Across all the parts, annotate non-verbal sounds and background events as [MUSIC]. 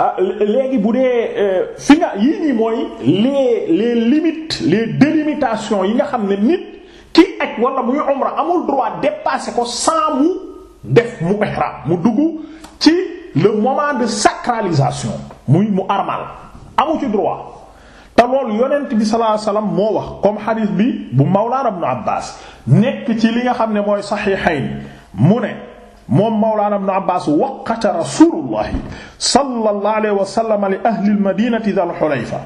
ah léegi bu dee euh, fi nga yii nii mooy les les limites les délimitation yi nga xam ne nit ki aj wala muy umra amul droit dépasser ko sans mu def mu ihram mu dugg ci le moment de sacralisation muy mu armal amu ci droit te loolu yonent bi sallallahu alayhi moo wax comme xadiis bi bu Mawlaana Ibn Abbaas nekk ci li nga xam ne mooy saxiixayn mu ne moom Mawlaana ibn Abbaas waqata rasuulullahi sallallahu alayhi wa sallam li ahli al-madiinati dhal hulayfa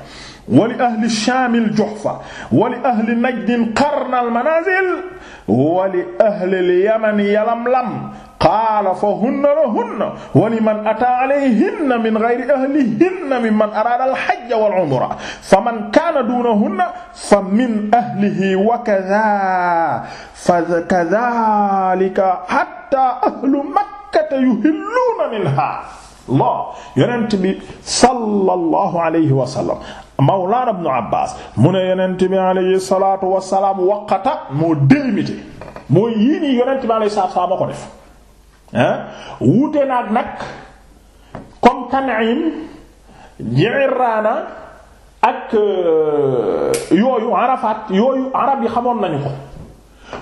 wa li ahli ash-shaam al-juhfa wa li ahli najd qarna al-manaazil wa li ahli al-yaman yalamlam qaala fa hunna lahunna wa liman ataa alayhinna min ghayri ahlihinna mimman araada al-hajja wal-umrata faman kaana duunahunna fa min ahlihi wa kadhaa fa kadhaalika hattaa ahlu makkata yuhilluuna minhaa Allah yonent bi sallallahu alayhi wa sallam Mawlaana Ibnu Abbaas mu ne yonent bi alayhi salaatu wa salaam waqata moo délimité mooy yii nii yonent bi alayhi salaatu wa salaam ko def. wuute naag nag comme Tan'im raana ak euh, yooyu Arafat yooyu arab yi xamoon nañu ko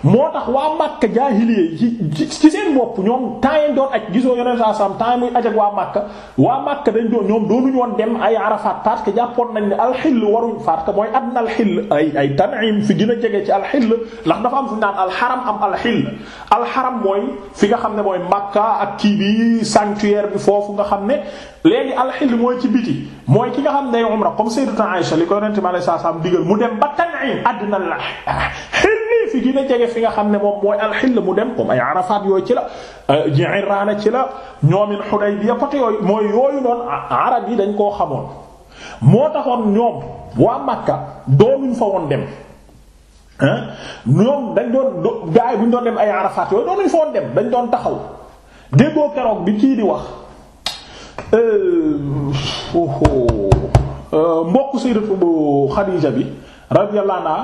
moo tax waa Makka jaahiliya ci ci seen bopp ñoom temps yeen doon aj gisoo yeneen saa sam temps muy aj ak waa Makka waa Makka dañ doon ñoom doonuñu woon dem ay Arafat parce que jàppoon nañ ne alxill waruñ faat que mooy adna alxill ay ay Tan'im fi gën a jege ci alxill ndax dafa am fu naan alxaram am alxill alxaram mooy fi nga xam ne mooy Makka ak kii bi sanctuaire bi foofu nga xam ne léegi alxill ci biti mooy ki nga xam ne day umra comme Sayyidatu Aïsha li ko yonente mi alayhi salaam digal mu dem ba Tan'im adna alxill fi gën a jege fi nga xam ne moom mooy alxill mu dem comme ay Arafat yooyu ci la euh, Ji'rana ci la ñoomin Hudaybiya côté yooyu mooy yooyu noonu arab yi dañ koo xamoon moo taxoon ñoom waa Makka doonuñ fa woon dem dañ doon gaay bu ñu dem ay Arafat yooyu doonuñ fa woon dem dañ doon taxaw déggoo keroog bi cii di wax euh, oh, oh, euh, mbokk Sayyidatu Xadiija bi radiyallahu anha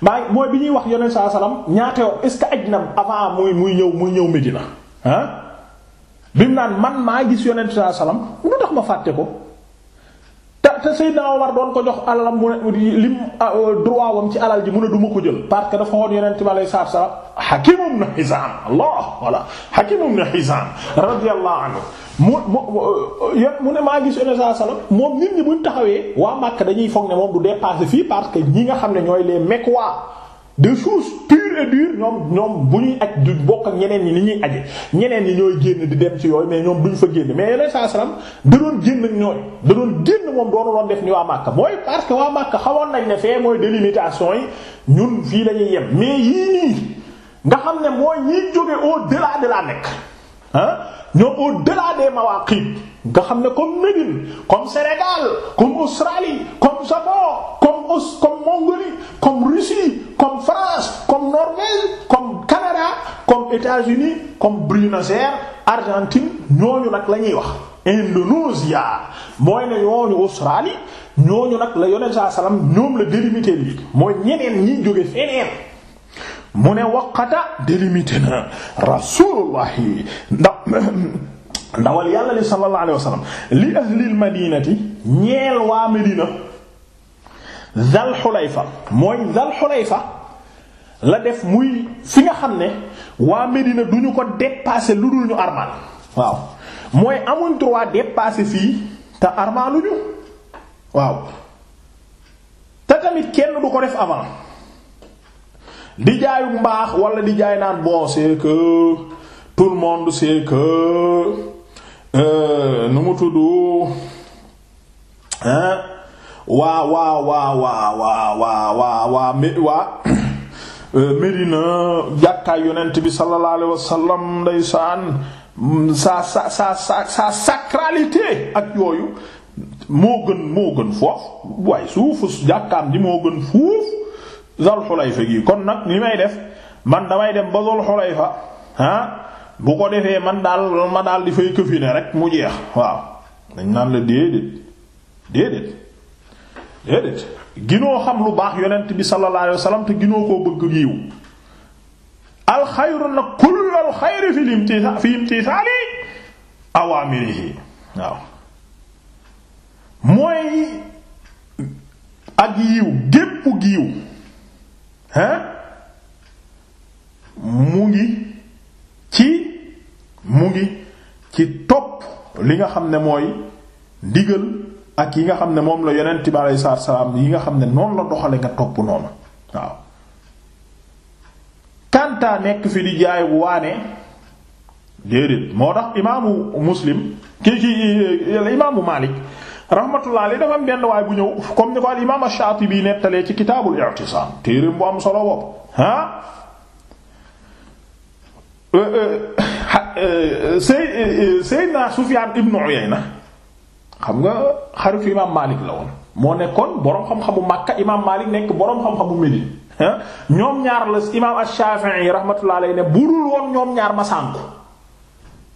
maa mooy bi ñuy wax yonent saa salaam ñaate yoon est ce que aj na avant muy muy ñëw muy ñëw Medina ah bi mu naan man maa gis yonent saa salaam lu tax ma fàtte ko. te te Seydina doon ko jox alalam mu ne lim ah, euh, droit wam ci alal ji mu ne du ko jël parce que dafa woon yonent bi alayhi salaatu salaam Hakim ibn Hizam Allah wala Hakim ibn Hizam radiyallahu anhu mu mu euh, mu ne maa gis yonent salaatu salaam moom nit ñi buñ taxawee waa Makka dañuy foog ne moom du dépasser fii parce que ñi nga xam ne ñooy les Mecquois de choses pures et dures ñoom ñoom bu ñuy aj duñ bokk ak ñeneen ñi ni ñuy aje ñeneen ñi ñooy génn di dem ci yooyu mais ñoom duñ fa génn mais yeneen saa salaam da doon génn ak ñooy da doon génn moom doonu doon def ni waa Makka mooy parce que waa Makka xawoon nañ ne fee mooy délimitation yi ñun fii lañuy yem mais yii nii nga xam ne mooy ñiy jóge au delà de la ah ñoom au delà des mawaqit nga xam ne comme Médine comme Sénégal comme Australie comme Japon comme Aus comme Mongolie comme Russie comme France comme Norvège comme Canada comme États-Unis comme Buenos Argentine ñooñu nag la ñuy wax. Indonésie mooy ne ñooñu Australie ñooñu nag la yonent saa salaam ñoom la délimité lii mooy ñeneen ñi jóge feneen. mu ne waqata délimité na rasulullahi ndax ndawal yàlla li sallallahu alayhi li ahlil madinati ñeel waa Medina Zal Xulayfa mooy Zal Xulayfa la def muy fi nga xam ne waa Medina du ñu ko dépasser lu dul ñu armal waaw mooy amuñ droit dépasser fii te armaluñu waaw te tamit kenn du ko def avant. di jaayu mbaax wala di jaay naan boo c'est que tout le monde c'est euh, nu mu tudd hein waa waa waa waa waa waa waa mé waa [COUGHS] euh, Médina jàkkaay yonent bi sallallahu alayhi wasallam sa sa sa sa sa sacralité ak yooyu moo gën moo gën foofu waaye suufu jàkkaam di moo gën foofu Zul Xulayfa gi kon nag li may def man damay dem ba Zul Xulayfa ah bu ko defee man daal di fay këfine rek mu jeex waaw dañ naan la ginoo xam lu baax yonent bi sallallahu alayhi wasallam te waaw mooy ak yiw gépp giiw hein mu ngi ci mu ngi ci topp li nga xam ne mooy ndigal ak yi nga xam ne moom la yonent bi aleyhi salaatu salaam yi nga xam ne noonu la doxale nga topp noonu waaw kanta nekk fi di jaay waane déedéet moo tax imaamu muslim ki ki imaamu maalik rahmatullah alayhi dafa am benn waay bu ñëw comme ni ko al imaam ash-Shaatibi nettalee ci kitaabul i'tisaam téereem am solo bopp ah. Sey Seydina nga xaritu imaam la moo nekkoon boroom xam-xamu Makka imaam Maalik nekk boroom xam-xamu Médine ñoom ñaar la imaam ash-Shaafi'i rahmatullah alayhi ne bu dul woon ñoom ñaar ma sànku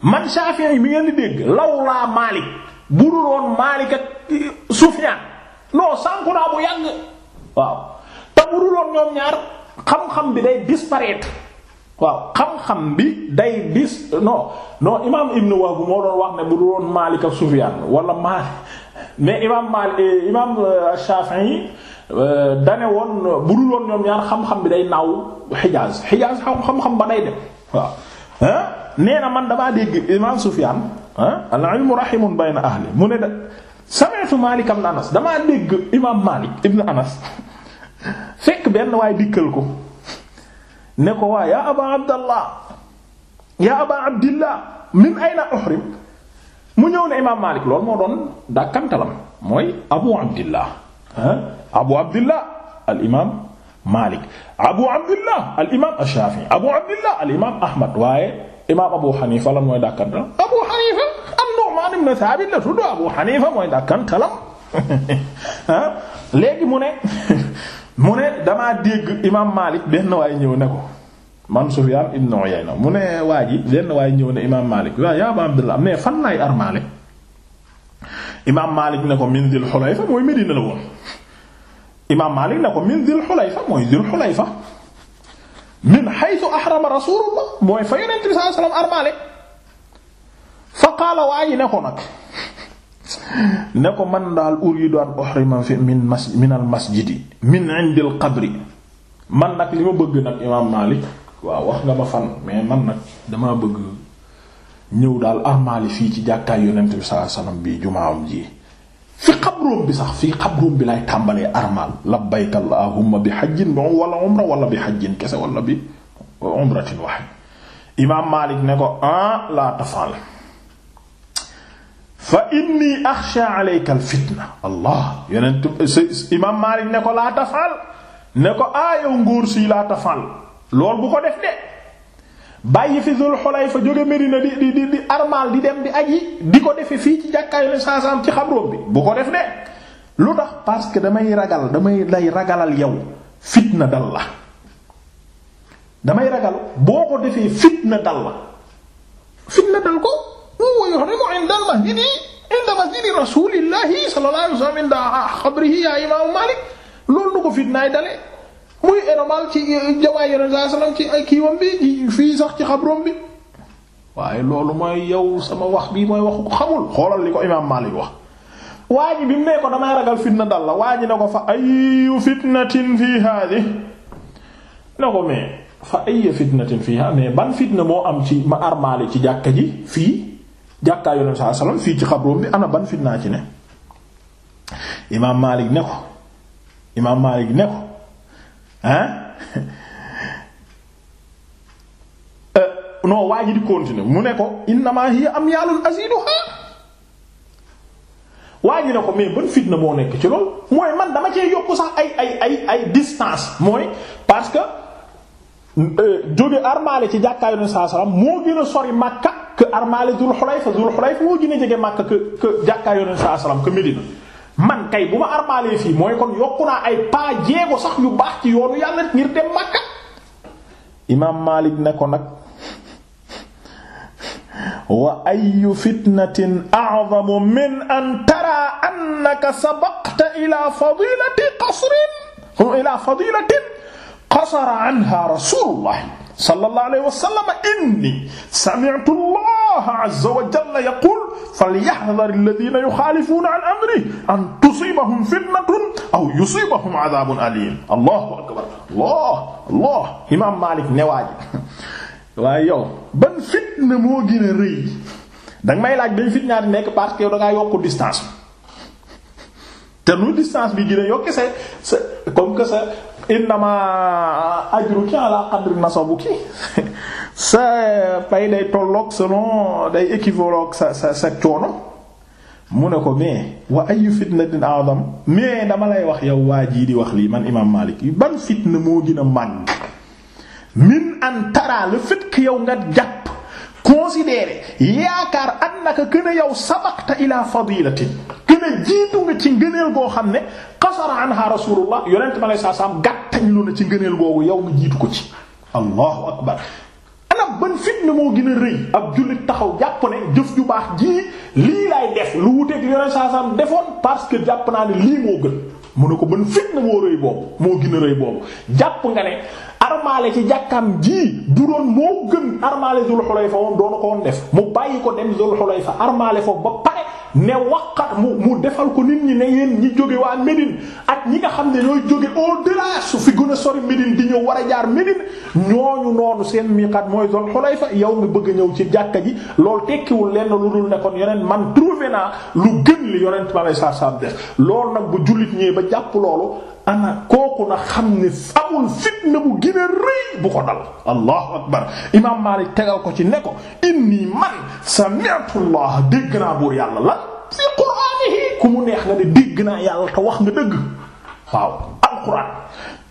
man Shaafi'i mi ngeen di dégg lawlaa Maalik. bu dul woon Maalik ak Sufyaan non sànku naa bu yàgg waaw te bu dul woon ñoom ñaar xam-xam bi day disparaître waaw xam-xam bi day dis non imaam Ibn Wahb moo doon wax ne bu dul woon Maalik ak Sufyaan wala Maalik mais imaam Maalik imaam euh, Shaafi'i euh, dane woon bu dul woon ñoom ñaar xam-xam bi day naaw Hijaaz Hijaaz xam-xam ba day dem waaw nee na man damaa dégg imaam Sufyaan ah al ilmu rahimun bayna ahli mu ne da sami'tu Malik ibn Anas damaa dégg imaam Malik ibn Anas [LAUGHS] fekk benn waaye dikkal ko ne ko waa yaa aba abdallah yaa aba abdillah min ayna uhrim mu ñëw ne imaam Malik loolu moo doon dàkkantalam mooy abu abdillah ah abu abdillah al imaam Malik abu abdillah al imaam ash-Shafi'i abu abdillah al imaam Ahmad waaye. imaam Abu Hanifa lan mooy dàkkantalam Abu Hanifa an-Nu'man ibn Thabit la tudd Abu Hanifa mooy dàkkantalam [LAUGHS] ah, léegi mu ne [LAUGHS] mu ne damaa dégg imaam Malik benn waay ñëw ne ko man Sufyan ibn Uyayna mu ne waa ji benn waay ne fan laay armaale imaam Malik ne ko min Dil Hulayfa mooy Medina la woon imaam Malik ne ko min Dil Hulayfa mooy Dil Hulayfa min haythu ahrama rasulullah mooy fa yonent bi sallallahu alayhi wasallam armaale fa qaala waayi ne ko nag ne ko man daal uridu an uhrima fi min mas min al masjidi min indi al qabri man nag li ma bëgg nag imaam Maalik waaw wax nga ma fan mais man nag damaa bëgg ñëw daal armaale fii ci jàkkaay yonent bi sallallahu alayhi wasallam bii jumaam ji fi xabroom bi sax fii xabroom bi lay tàmbalee armal labbayka allahumma bi hajjin wala umra wala bi hajjin kese wala bi umratin imaam Maalik ne ko ah la tafal fa inni axsha alayka al allah imaam Maalik ne ko la tafal ne ko ah yow ngóor si la lool bu ko def de bàyyi fi Zul Xulayfa jóge Medina di di di di di dem di aji di ko defe fii ci jàkkaayu ne saasaam ci xabroom bi bu ko def de lu tax parce que damay ragal damay lay ragalal yow fitna dal la damay ragal boo ko defee fitna dal la fitna dal ko huwa yuhrimu inda al-masjidi inda loolu nu ko fitnaay dale muy énormal ci jawaay yonent saa salaam ci ay kiiwam bi fii sax ci xabrom bi waaye loolu mooy yow sama wax bi mooy waxu xamul xoolal li ko imaam Maalik wax waa ji bi mu nee ko damay ragal fitna dal la waa ji ne ko fa ayyu fitnatin fii haadi ne ko mais fa ayyu fitnatin fii haadi mais ban fitna moo am ci ma armaale ci jàkka ji fii jàkkaay yonent saa salaam fii ci xabrom bi ana ban fitnaa ci ne imaam Maalik ne ko imaam Maalik ne ko hein [LAUGHS] euh, non waa ji di continuer mu ne ko innama am amyalun aziduha waa ji ne ko mais ban fitna moo nekk ci loolu mooy man dama cee yokk sax ay ay ay ay distance mooy parce que euh, jóge armaale ci jàkkaayu ne saa salaam moo gën a sori Makka que armaale Dul Xulayfa Dul Xulayfa moo gën a jege Makka que que jàkkaayu ne saa salaam que Medina. man kay bu ma armaalee fii mooy kon yokku naa ay paa jéego sax yu baax ci yoonu yàlla ngir dem Makka imaam Maalik ne ko nag wa ayu fitnatin a'zamu min an tara annaka sabaqta ila fadilati qasrin ila fadilatin qasara anha rasulullah sallallahu alayhi wa sallam inni sami'tu Allah azza wa jalla yaqul falyahdhar alladhina yukhalifuna an amrihi an tusibahum fitnatun aw yusibahum adhabun alim allahu akbar allah allah imam Malik newaaji [LAUGHS] waaye yow ban fitna moo gën a rëy danga may laaj bañ fitnaati nekk parce que yow da ngaa yokk distance te nu distance bi gën a yokk sa sa comme que sa innama ajruki ala qadri nasabuki sa pay day tolloog selon day équivalent sa sa sa coono mu ne ko mais wa ayu fitnatin a'zam mais dama lay wax yow waa jii di wax lii man imaam Maalik ban fitna moo gën a màgg min an tara le fait que nga jàpp considérer yaakaar annaka këna yow sabaqta ila fadilatin këna jiitu nga ci ngëneel boo xam ne qasara anha rasulullah yonent ma lay saa saam gàttañ lu na ci ngëneel boobu yow nga jiitu ko ci allahu akbar ana ban fitna moo gën a rëy ab jullit taxaw jàpp ne jëf ju baax jii lii laay def lu wuteeg yonent saa saam defoon parce que jàpp naa ne lii moo gën mu ne ko ban fitna moo rëy boobu moo gën a rëy boobu jàpp nga ne armaale ci jàkkaam ji du doon moo gën armaale Zul Xulayfa woon doonu ko woon def mu bàyyi ko dem Zul Xulayfa armaale foofu ba pare ne waqat mu mu defal ko nit ñi ne yéen ñi jóge waa Médine ak ñi nga xam ne ñooy jóge au delà su fi gën a sori Médine di ñëw war a jaar Médine ñooñu noonu seen mii miiqaat mooy Zul Xulayfa yow mi bëgg ñëw ci jàkka ji loolu tekkiwul lenn lu dul ne kon yonent man trouvé naa lu gën li yonent ma lay saar saar def loolu nag bu jullit ñëwee ba jàpp loolu ana kooku na xam ne amul fitna bu gën a rëy bu ko dal allahu akbar imaam Maalik tegal ko ci ne ko inni man sami'tu allah dégg naa buur yàlla la fi qur'anihi ku mu neex nga ne dégg naa yàlla te wax nga dëgg waaw alquran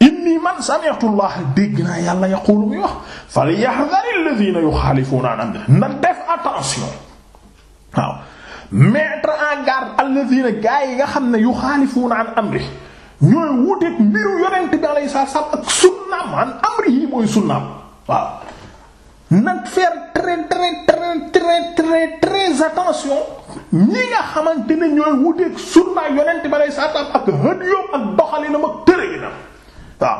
inni man sami'tu allah dégg naa yàlla yaqulu muy wax falyahdhari alladhina yukhalifuna an amrihi na def attention waaw mettre en garde alladhina gaa yi nga xam ne yukhalifuna an amrihi ñooy wuteeg mbiru yonent bi alayhi salaam ak sunnaam an amri yi mooy sunnaam waaw nag faire très très très très très très attention ñi nga xamante ne ñooy wuteeg sunnaam yonent bi alayhi salaam ak hadiyoom ak doxalinam ak tërëginam waaw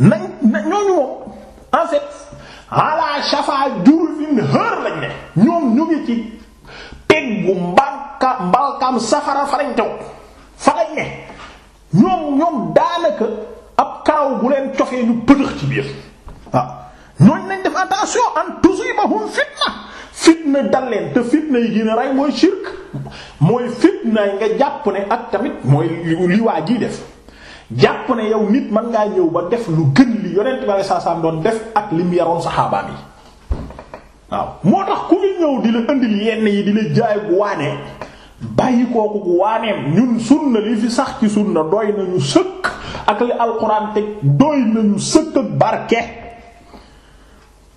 nañ moom en fait ala shafa jurufin hër lañ ne ñoom ñu ngi ci peggu mbalka safara fa lañ tew ne ñoom ñoom daanaka ab karaw bu leen cofee ñu pëtëx ci biir waaw ñooñ nañ def attention an tusibahum fitna fitna dal te fitna yi gën rey mooy shirk mooy fitna nga jàpp ne ak tamit mooy li waa jii def jàpp ne yow nit mën ngaa ñëw ba def lu gën li yonent bale saasaam doon def ak lim yaroon saxaabaam yi waaw moo tax ku ñu ñëw di la yenn yi di la jaay bu waane bàyyi kooku gu waaneem ñun sunna li fi sax ci sunna doy nañu sëkk ak li alxuraan teg doy nañu sëkk ak barke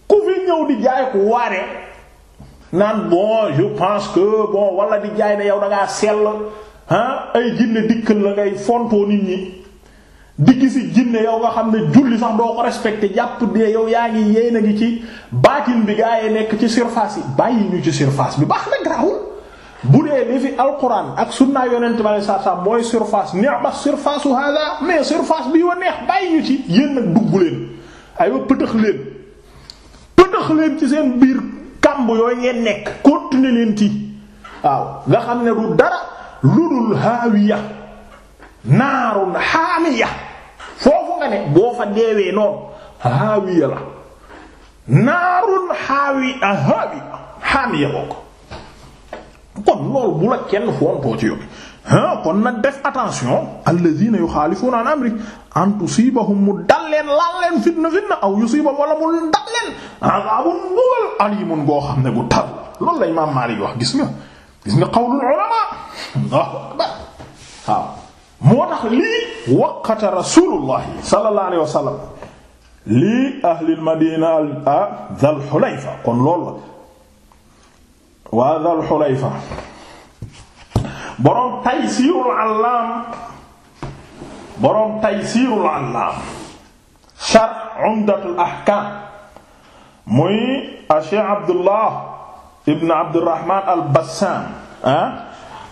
ku fi ñëw di jaay ku waane naan bon je pense que bon wala di jaay ne yow da ngaa sell ah ay jinne dikkal la ngay fontoo nit ñi di gisi jinne yow nga xam ne julli sax doo ko respecté jàpp de yow yaa ngi yéen a ngi ci baatin bi gaa yi nekk ci surface yi bàyyi ñu ci surface bi baax na garaawul. bu dee li fi alquran ak sunna yonent bi saa saa mooy surface neex ba surface u hada mais surface bi wa neex bàyyi ñu ci yéen dugg leen aywa pëtëx leen pëtëx leen ci seen biir kàmb yooyu ngeen nekk continuer leen ci waaw nga xam ne du dara ludul haawiya naarun haamiya foofu nga ne haawi haawi haamiya bokk loolu bu la kenn fontoo ci yow ah kon nag def attention alladhina yukhalifuuna an amrik an tusibahum mu dal leen laal leen fitna fitna aw yusibahum wala mu dal leen azabun mbugal alimun goo xam ne bu tar loolu la imaam Maalik wax gis nga gis nga qawlul ulama Allahu akbar waaw moo tax lii waqata rasulullahi sallallahu alayhi wa sallam lii ahlil madina a Dhul Hulayfa kon loolu la waa Dhul Hulayfa boroom Taysirul Allaam boroom Taysirul Allaam sharh ah, Abdullah ibn Abdurrahman al-Bassam ah,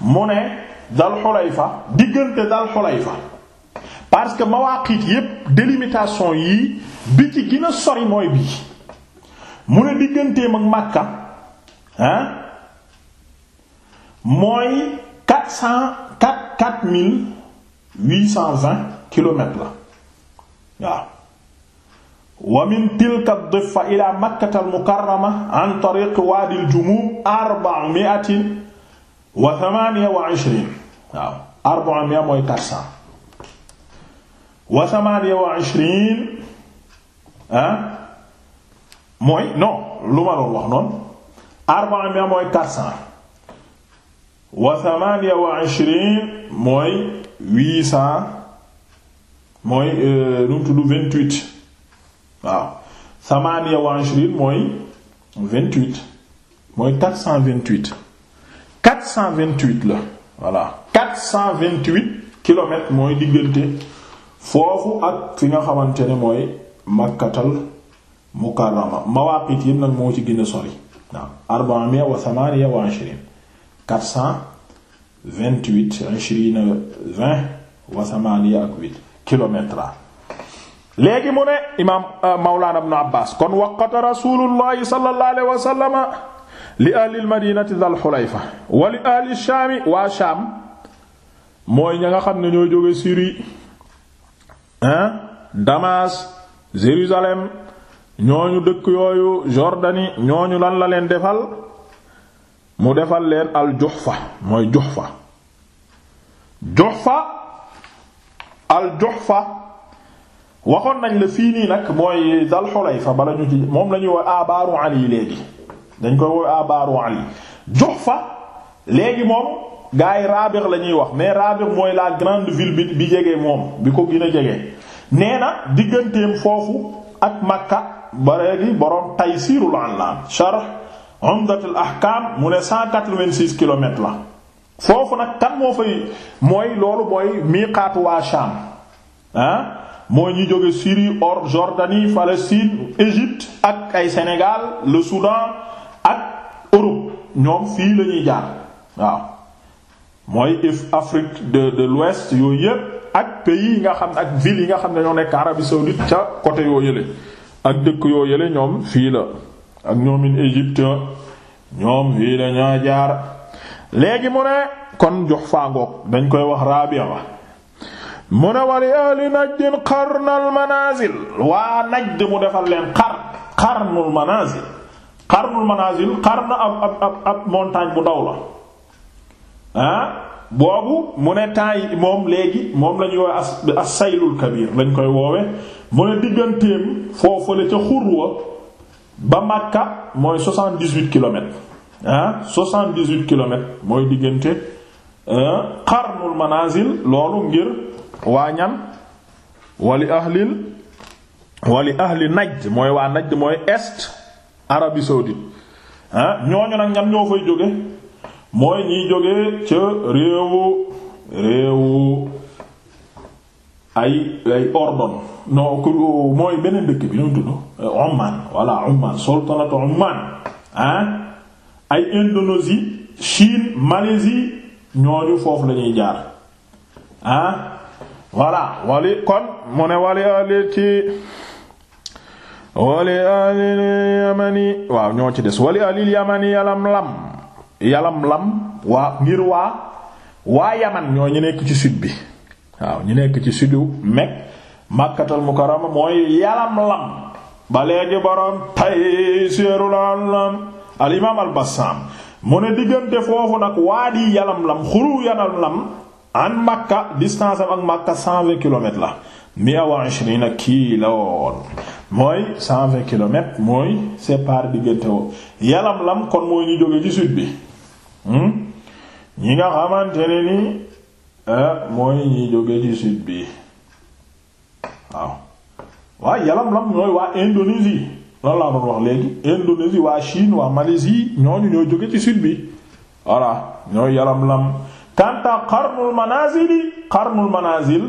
mu ne Dal Xulayfa diggante Dal Xulayfa parce que mawaqit yépp délimitation yi bi ci gën sori mooy bii mu ne digganteem ak Makka ah, mooy quatre cent quatre quatre mille huit cent vingt kilomètres la waaw wa min tilka difa ila makkata al mukarrama an tariq wadi al jumum arba'a mi'atin wa thamaaniya wa ishriin waaw arba'a mi'a mooy quatre cent wa thamaaniya wa ishriin ah mooy non lu ma doon wax noonu arba'a mi'a mooy quatre cent wa thamaaniya wa ishriin mooy huit mooy euh, nu mu tudd waaw thamaaniya wa ishriin mooy vingt-huit mooy vingt-huit cent vingt-huit la voilà quatre cent mooy diggante foofu ak fi nga xamante ne mooy makkatal mukarrama mawaqit yépp nag moo ci gën a sori waaw arba'a wa thamaaniya wa ishriin quatre cent vingt ak huit kilomètres léegi mu ne imaam euh, mawlaana ibn Abbaas kon waqata rasuulullahi sallallahu alayhi wa sallama li ahli almadinati dal xulayfa wa li ahli shaami waa shaam mooy ña nga xam ne ñoo jóge Syrie hein Damas Jérusalem ñooñu dëkk yooyu Jordanie ñooñu lan la leen defal mu defal leen al juhfa mooy juhfa juhfa al juhfa waxoon nañ la fii nii nag mooy dal xulayfa bala ñu ci moom lañuy ñuy wooy abaaru ali léegi dañ koy wooy abaaru ali juhfa léegi moom gars yi Raabix la ñuy wax mais Raabix mooy la grande ville bi bi jege moom bi ko gën a jege nee na digganteem foofu ak Makka ba léegi boroom Taysirul Allaam sharh Umdatul Ahkam mu ne 186 kilomètres la foofu nag kan moo fay mooy loolu mooy miiqaatu waa Sham ah mooy ñi jóge Syrie or Jordanie Palestine Égypte ak ay Sénégal le Soudan ak Europe ñoom fii la ñuy jaar waaw mooy Afrique de de l'Ouest yooyu yépp ak pays yi nga xam ak ville yi nga xam ne ñoo nekk Arabie saoudite ca côté yoo yële ak dëkk yoo yële ñoom fii la ak ñoomin Égypte ñoom fii dañaa jaar léegi mu ne kon jox faangoog dañ koy wax Rabia ba mu ne wali ahli najdin qarnal manazil waa Najd mu defal leen xar qarnul manazil qarnul manazil qarn ab ab ab montagne bu ndaw la ah boobu mu ne temps moom léegi moom lañuy ñuy woowe as saylul kabir lañ koy woowe mu ne digganteem foofale ca xurwa ba Makka mooy soixante-dix-huit kilomètres ah dix huit kilomètres mooy diggante euh, Qarnul Manazil loolu ngir waa ñan wali ahlil wali ahli Najd mooy waa Najd mooy est Arabie saoudite ah ñooñu nag ñan ñoo fay jóge mooy ñiy jóge ca réewu réewu ay ay ordon non ku mooy beneen dëkk bi ñu tudd euh, Oman voilà Oman sultanatu Oman ay Indonésie Chine Malaisie ñooñu foofu la jaar ah voilà wali kon mu ne wali ali ci wali alil yamani waaw ñoo ci des wali alil yamani yalam lam yalam lam waa ngir waa waa yaman ñoo ñu nekk ci sud bi waaw ñu nekk ci sudu meg màkkatal mukarama mooy yalam lam ba léegi boroom tay seerul alam al imaam al bassam mu ne diggante foofu nag waadi yalam lam xuru yalam lam an makka distance am ak makka cent vingt kilomètres la mia wa na kiloon mooy cent vingt kilomètres mooy sépare diggante woo yalam lam kon mooy ñu jóge ci sud bi hmm? ñi nga xamante ne nii Euh, mooy ñi jóge ci sud bi waaw waa yalam-lam ñooy waa Indonésie lan laa doon wax léegi Indonésie waa Chine waa Malaisie ñooñu ñoo jóge ci sud bi voilà ñooy yalam-lam kanta qarnul manazili qarnul manazil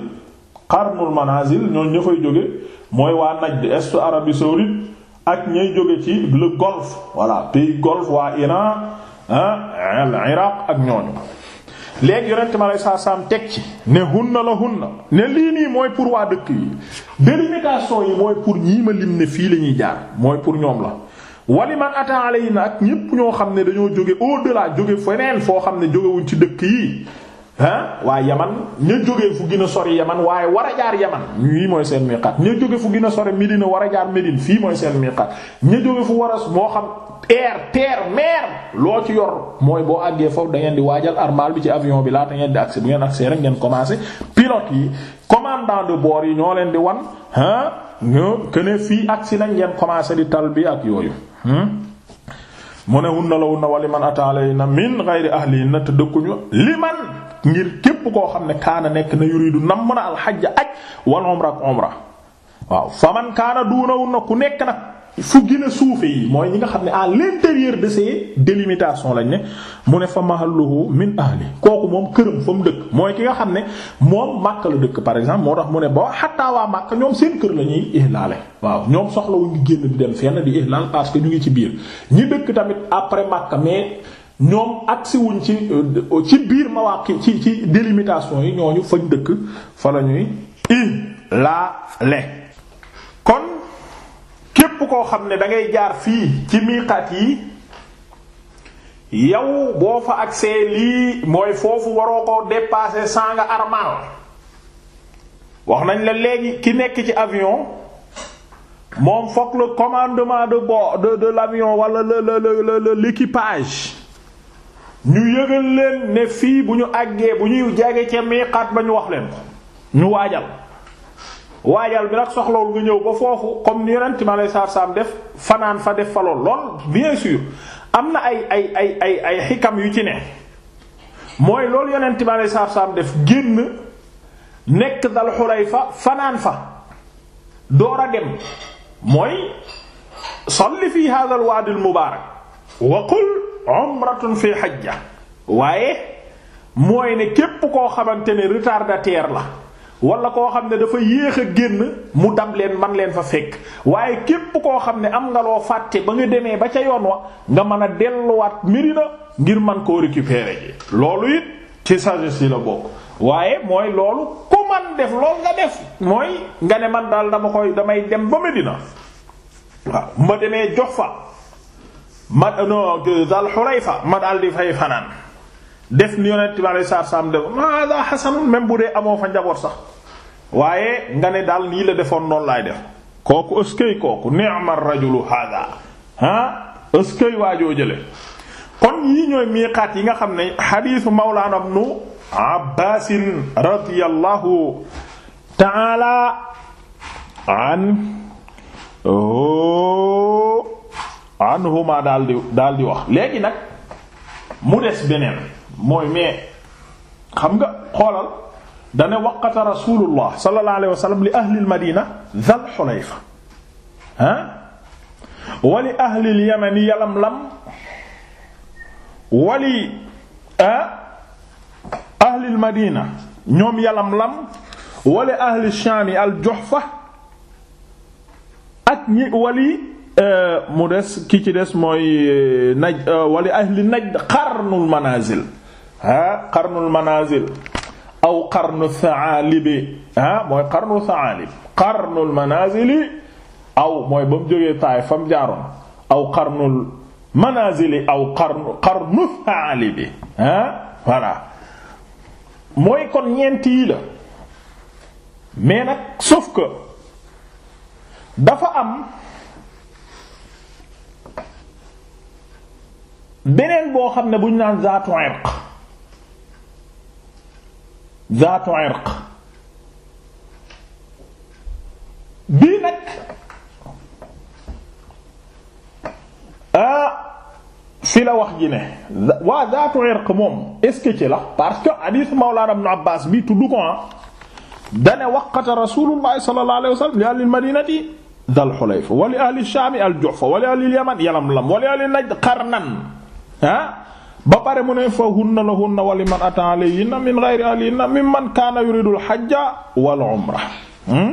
qarnul manazil ñooñu ña fay mooy waa Najd est Arabie saoudite ak ñay jóge ci le golfe voilà pays golfe waa Iran al Iraq ak ñooñu léegi yonent ma lay saa saam teg ci ne hunna la hunna ne lii nii mooy pour waa dëkk yi délimitation yi mooy pour ñii ma lim ne fii la ñuy jaar mooy pour ñoom la wali man ata alayna ak ñépp ñoo xam ne dañoo jóge au delà jóge feneen foo xam ne jógewuñ ci dëkk yi waaye yaman ña jógee fu gën a sori yaman waaye war a jaar yaman ñii mooy seen miqaat ña jóge fu gën a sori Médine war a jaar Médine fii mooy seen miqaat ña jóge fu war a moo xam air terre mer loo ci yor mooy boo àggee foofu da ngeen di waajal armal bi ci avion bi laata ngeen di accès bu ngeen accès rek ngeen commencé pilote yi commandant de yi ñoo leen di wan ah ñoo këne fii agsi nañ ngeen commencé di tal bi ak yooyu hmm? mu ne hunna la hunna na min ghayri ahli na te ngir képp koo xam ne kaana nekk na yuridu namm na alxajja aj ak umra ak umra waaw fa man kaana duunawu na ku nekk nag fu gën a suufe yi mooy ñi nga xam ne à l'intérieur de ces délimitations lañ ne mu ne fa mahalluhu min ahli kooku moom këram fa mu dëkk mooy ki nga xam ne moom Makka la dëkk par exemple moo tax mu ne ba xattaa waa Makka ñoom seen kër la ñuy ihlaale waaw ñoom soxlawuñu génn di dem fenn di ihlaal parce que ñu ngi ci biir ñi dëkk tamit après Makka ñoom agsi ci euh, ci biir mawaqi ci ci délimitation yi ñooñu fañ dëkk fa la ñuy ilaale kon képp koo xam ne da ngay jaar fii ci miiqaat yi yow boo fa agsee lii mooy foofu waroo ko dépasser sans armal wax nañ la léegi ki nekk ci avion moom foog le commandement de bord de de l'avion wala le le le l'équipage ñu yëgal leen ne fii bu ñu àggee bu ñuy jege ca miiqaat ba ñu wax leen ko ñu waajal waajal bi nag soxlawul nga ñëw ba foofu comme ni yonent ma lay saar saam def fanaan fa def fa lool lool bien sûr am na ay ay ay ay ay xikam yu ci ne mooy loolu yonent ma lay saar saam def génn nekk dal fa fanaan fa door a dem mooy salli fi hadha al wadi wa qul umratun fi hajja waaye mooy ne képp koo xamante ne retardataire la wala koo xam ne dafa yéex a génn mu dam leen man leen fa fekk waaye képp koo xam ne am nga loo fàtte ba nga demee ba ca yoon wa nga mën a delluwaat Medina ngir man koo récupérer ji loolu it ci sagesse yi la bokk waaye mooy loolu ku man def loolu nga def mooy nga ne man daal dama koy damay dem ba Medina waaw ma demee jox fa ma no Zal Xulayfa ma daal di fay fanaan def ni yonent bi alayhi salaam def ma daa xasanun même bu dee amoo fa njaboot sax waaye nga ne daal nii defoon noonu laay def kooku ëskey kooku ni'ma rajulu hada ah ëskey waajoo jële kon yii ñooy miiqaat yi nga xam ne xadiisu mawlaana ibnu abbaasin radiyallahu ta'ala an oh, anhuma daal di daal di wax léegi nag mu des beneen mooy mais xam nga xoolal dane waqata rasulullah sallallahu alayhi wa sallam li ahli al madina dhal hulayfa ah wa li ahli al yamani yalamlam wa li ahli al madina ñoom yalamlam wa li ahli al shami al juhfa ak ñi wali Euh, mu des ki ci des mooy euh, naj euh, wali ahli najd qarnul manazil ah qarnul manazil aw qarnu tha'alibi ah mooy qarnu tha'alib qarnul manazili aw mooy ba mu jógee taay fa mu jaaroon aw qarnul manazili aw qarnu qarnu tha'alibi ah voilà mooy kon ñeent yi la mais nag sauf que dafa am. beneen boo xam ne bu ñu naan zaatu irq zaatu irq bii nag ah fi la wax ji ne waa zaatu irq moom est-ce que ci la parce que hadith Mawlana Ibn Abbas bi tudd ko ah dane waqata Rasulullah sallallahu alayhi wa sallam li ahli al-madinati dhal hulayfa wa li ahli ash-sham al-juhfa wa li ahli al-yaman yalamlam wa li ahli najd qarnan ah ba pare mu ne fa hunna la hunna wali man ata alayhinna min ghayri ahlihinna man kaana yuridul hajja wal umra hmm?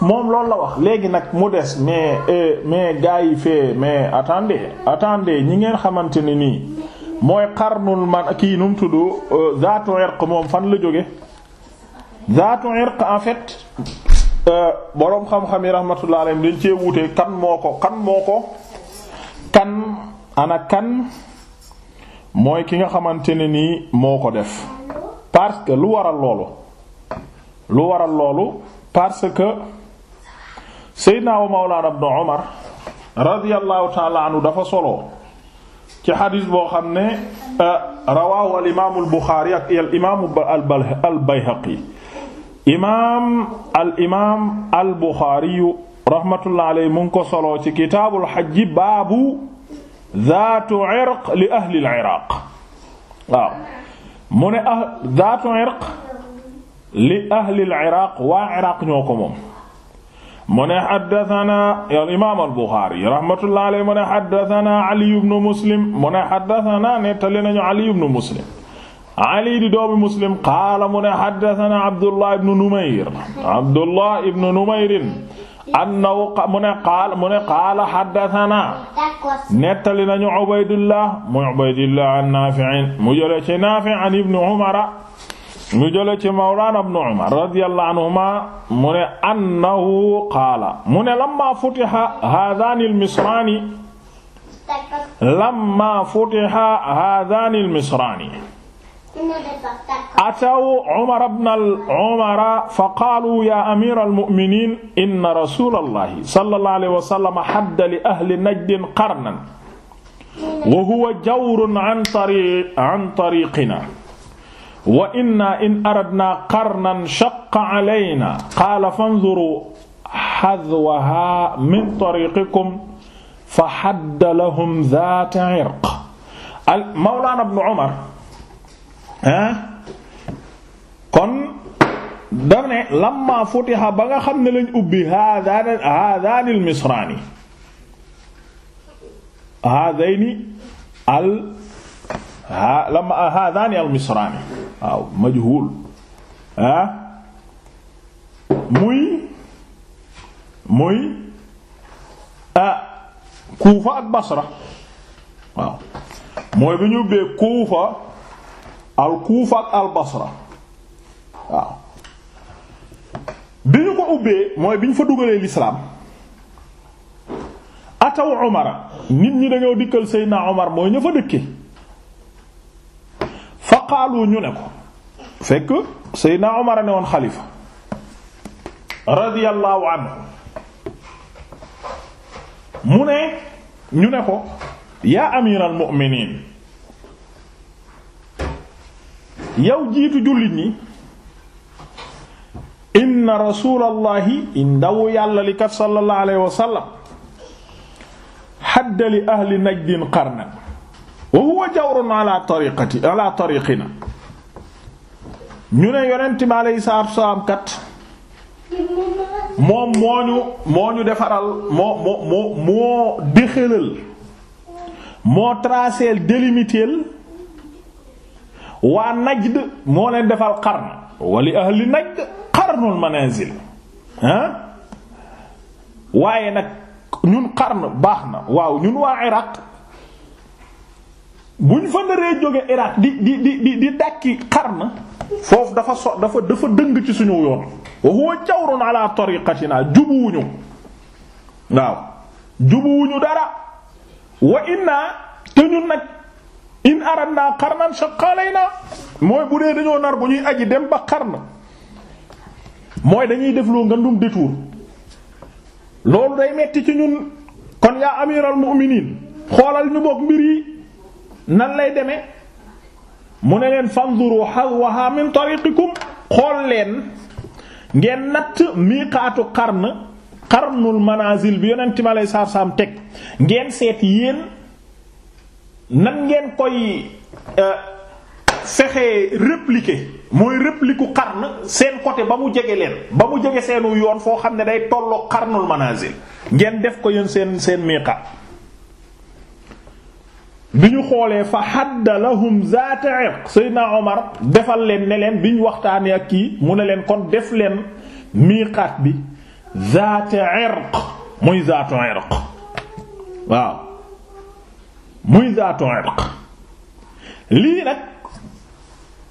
moom loolu la wax léegi nag mu des mais eh, mais gars yi fee mais attendez attendez ñi ngeen xamante ne nii mooy xarnul man kii nu mu tudd euh, zaatu irq moom fan la joge zato irq en fait euh, boroom xam-xam yi rahmatullah alayhi dañ cee wuute kan moo ko kan moo kan ana kan mooy ki nga xamante ne nii moo ko def parce que lu waral loolu lu waral loolu parce que Seydina wa Mawlaana Ibnu Umar radiyallahu taala anhu dafa solo ci xadis boo xam ne euh, rawaahu al imaamu al Buxaari ak al imaamu al imaam al imaam al Buxaari rahmatullahi ko solo ci kitaabul xajji baabu. zaatu irq li ahli al-Iraq waaw mu ne ah zaatu irq li ahli al-Iraq waa Iraq ñoo ko moom. mu ne haddasanaa al-imaam al-Buxaari rahmatullahi alayhi mu ne haddasanaa Ali ibn Muslim mu ne haddasanaa nettali nañu Ali ibn Muslim. Ali di doomi Muslim qaala mu ne haddasanaa Abdullah ibn Numayr Abdullah ibn Numayr annahu mu ne qaal mu ne qaala haddathana nettali nañu Ubaydullah mu Ubaydullah an Naafi' mu jële ci Naafi' an Ibn Umar mu jële ci Mawlana Ibn Umar radiyallahu anhuma mu ne annahu qaala mu ne lamma futiha haadhaani al-misraani lamma futiha haadhaani al-misraani ataw Umar ibn al-Umar fa qaalu yaa amiiral mu'miniin inna rasuulallaahi sallallaahu alayhi wa sallam hadda li ahli najdin qarnan wa huwa jawrun an tariiq an tariiqinaa wa innaa in aradnaa qarnan shaqqa alaynaa qaala fanzuruu hadwahaa min tariiqikum fa hadda lahum dhaata irq Mawlaana ibn Umar ah kon daf ne futiha ba nga xam ne lañ ubbi haadaan haadaan al misraani haadayni al lamma haadaani al misraani waaw majhuul ah muy muy ah Basra waaw mooy ñu ubbee Kuufa al Kuufa ak al waaw bi ñu ko ubbee mooy bi ñu fa dugalee lislaam ataw Umar nit ñi dañoo dikkal Seydina Umar mooy ña fa dëkke fa qaalu ñu ne ko fekk Seydina Umar ne woon xalifa radiyallahu anhu mu ne ñu ne ko yaa amiral mu'miniin yow jiitu jullit ñi inna rasulallahi ndawu yàlla li kat sallallahu alayhi wa sallam li ahli najdin qarna wa huwa jawrun ala tariqati ala tariqina ñu ne yonent bi alayhi salaatu kat moom moo ñu moo ñu defaral moo moo moo moo déxalal moo traceel délimiteel waa najd moo leen defal qarn wali ahli najd qarnul manazil ah waaye nag ñun qarn baax na waaw ñun waa iraq bu ñu fa naree jóge iraq di di di di foofu dafa so dafa dafa dëng ci suñu yoon wa huwa jawrun ala tariqatina jubuwuñu waaw jubuwuñu dara wa inna te ñun nag in aradna sa shaqqa alayna mooy bu dee dañoo nar bu ñuy aji dem ba qarn mooy dañuy def loo ngandum détour loolu day metti ci ñun kon yaa amiral mu'miniin xoolal ñu bokk mbir yi nan lay deme mu ne leen fanzuru hazwaha min tariqikum xool leen ngeen natt miiqaatu karn qarnul manaazil bi yonent ma lay saar saam teg ngeen seet yeen nan ngeen koy euh, fexee répliquer mooy réplique xarn seen côté ba mu jege leen ba mu jege seenu yoon foo xam ne day tolloo xarnul manazil ngeen def ko yéen seen seen miiqaat bi ñu xoolee fa hadda lahum zaat irq Seydina Omar defal leen ne leen bi ñu waxtaanee ak kii mu ne leen kon def leen miiqaat bi zaat irq muy zaat irq waaw muy zaatu irq lii nag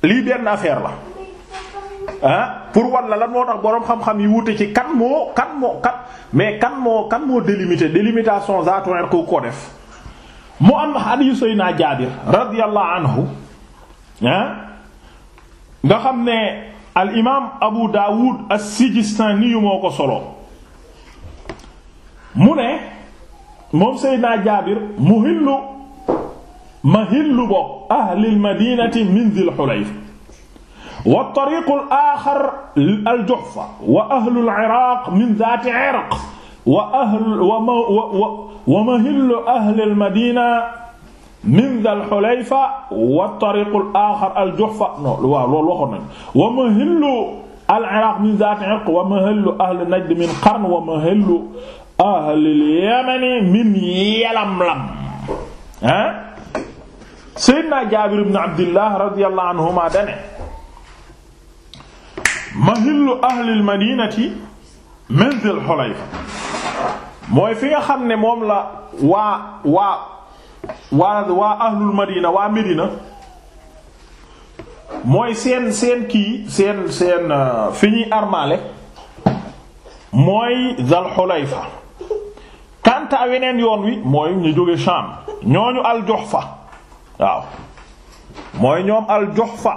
lii benn affaire la ah pour wan la lan moo tax boroom xam-xam yi wute ci kan moo kan moo kan moo kan moo délimité délimitation zaatu irq ko def mu am hadiisu Seydina Jaabir radiyallahu anhu ah nga xam ne al imaam Abu Daawud as-Sijistaani yu moo ko solo mu ne moom Seydina Jaabir muhillu mahillu bopp ahlil madinati min dhil hulayfa wa tariqul aaxar al juhfa wa ahlul iraq min zaati iraq wa ahlu wa ma wa wa mahillu ahlil madina min dhil hulayfa wa tariqul aaxar al juhfa non waaw loolu waxoon nañu wa mahillu al iraq min zaati iraq wa mahillu ahli najd min qarn wa mahillu ahlil yamani min yalamlam ah. Seydina Jaabir ibn Abdillah radiyallahu anhuma dane mahillu ahlil madinati min Zul Hulayfa mooy fi nga xam ne moom la waa waa waa waa ahlul madina waa Medina mooy seen kii seen seen euh, fi ñuy armaale mooy Zul Hulayfa kanta weneen yoon wi mooy ñu jóge Sham ñooñu al Juhfa waaw mooy ñoom al-Juhfa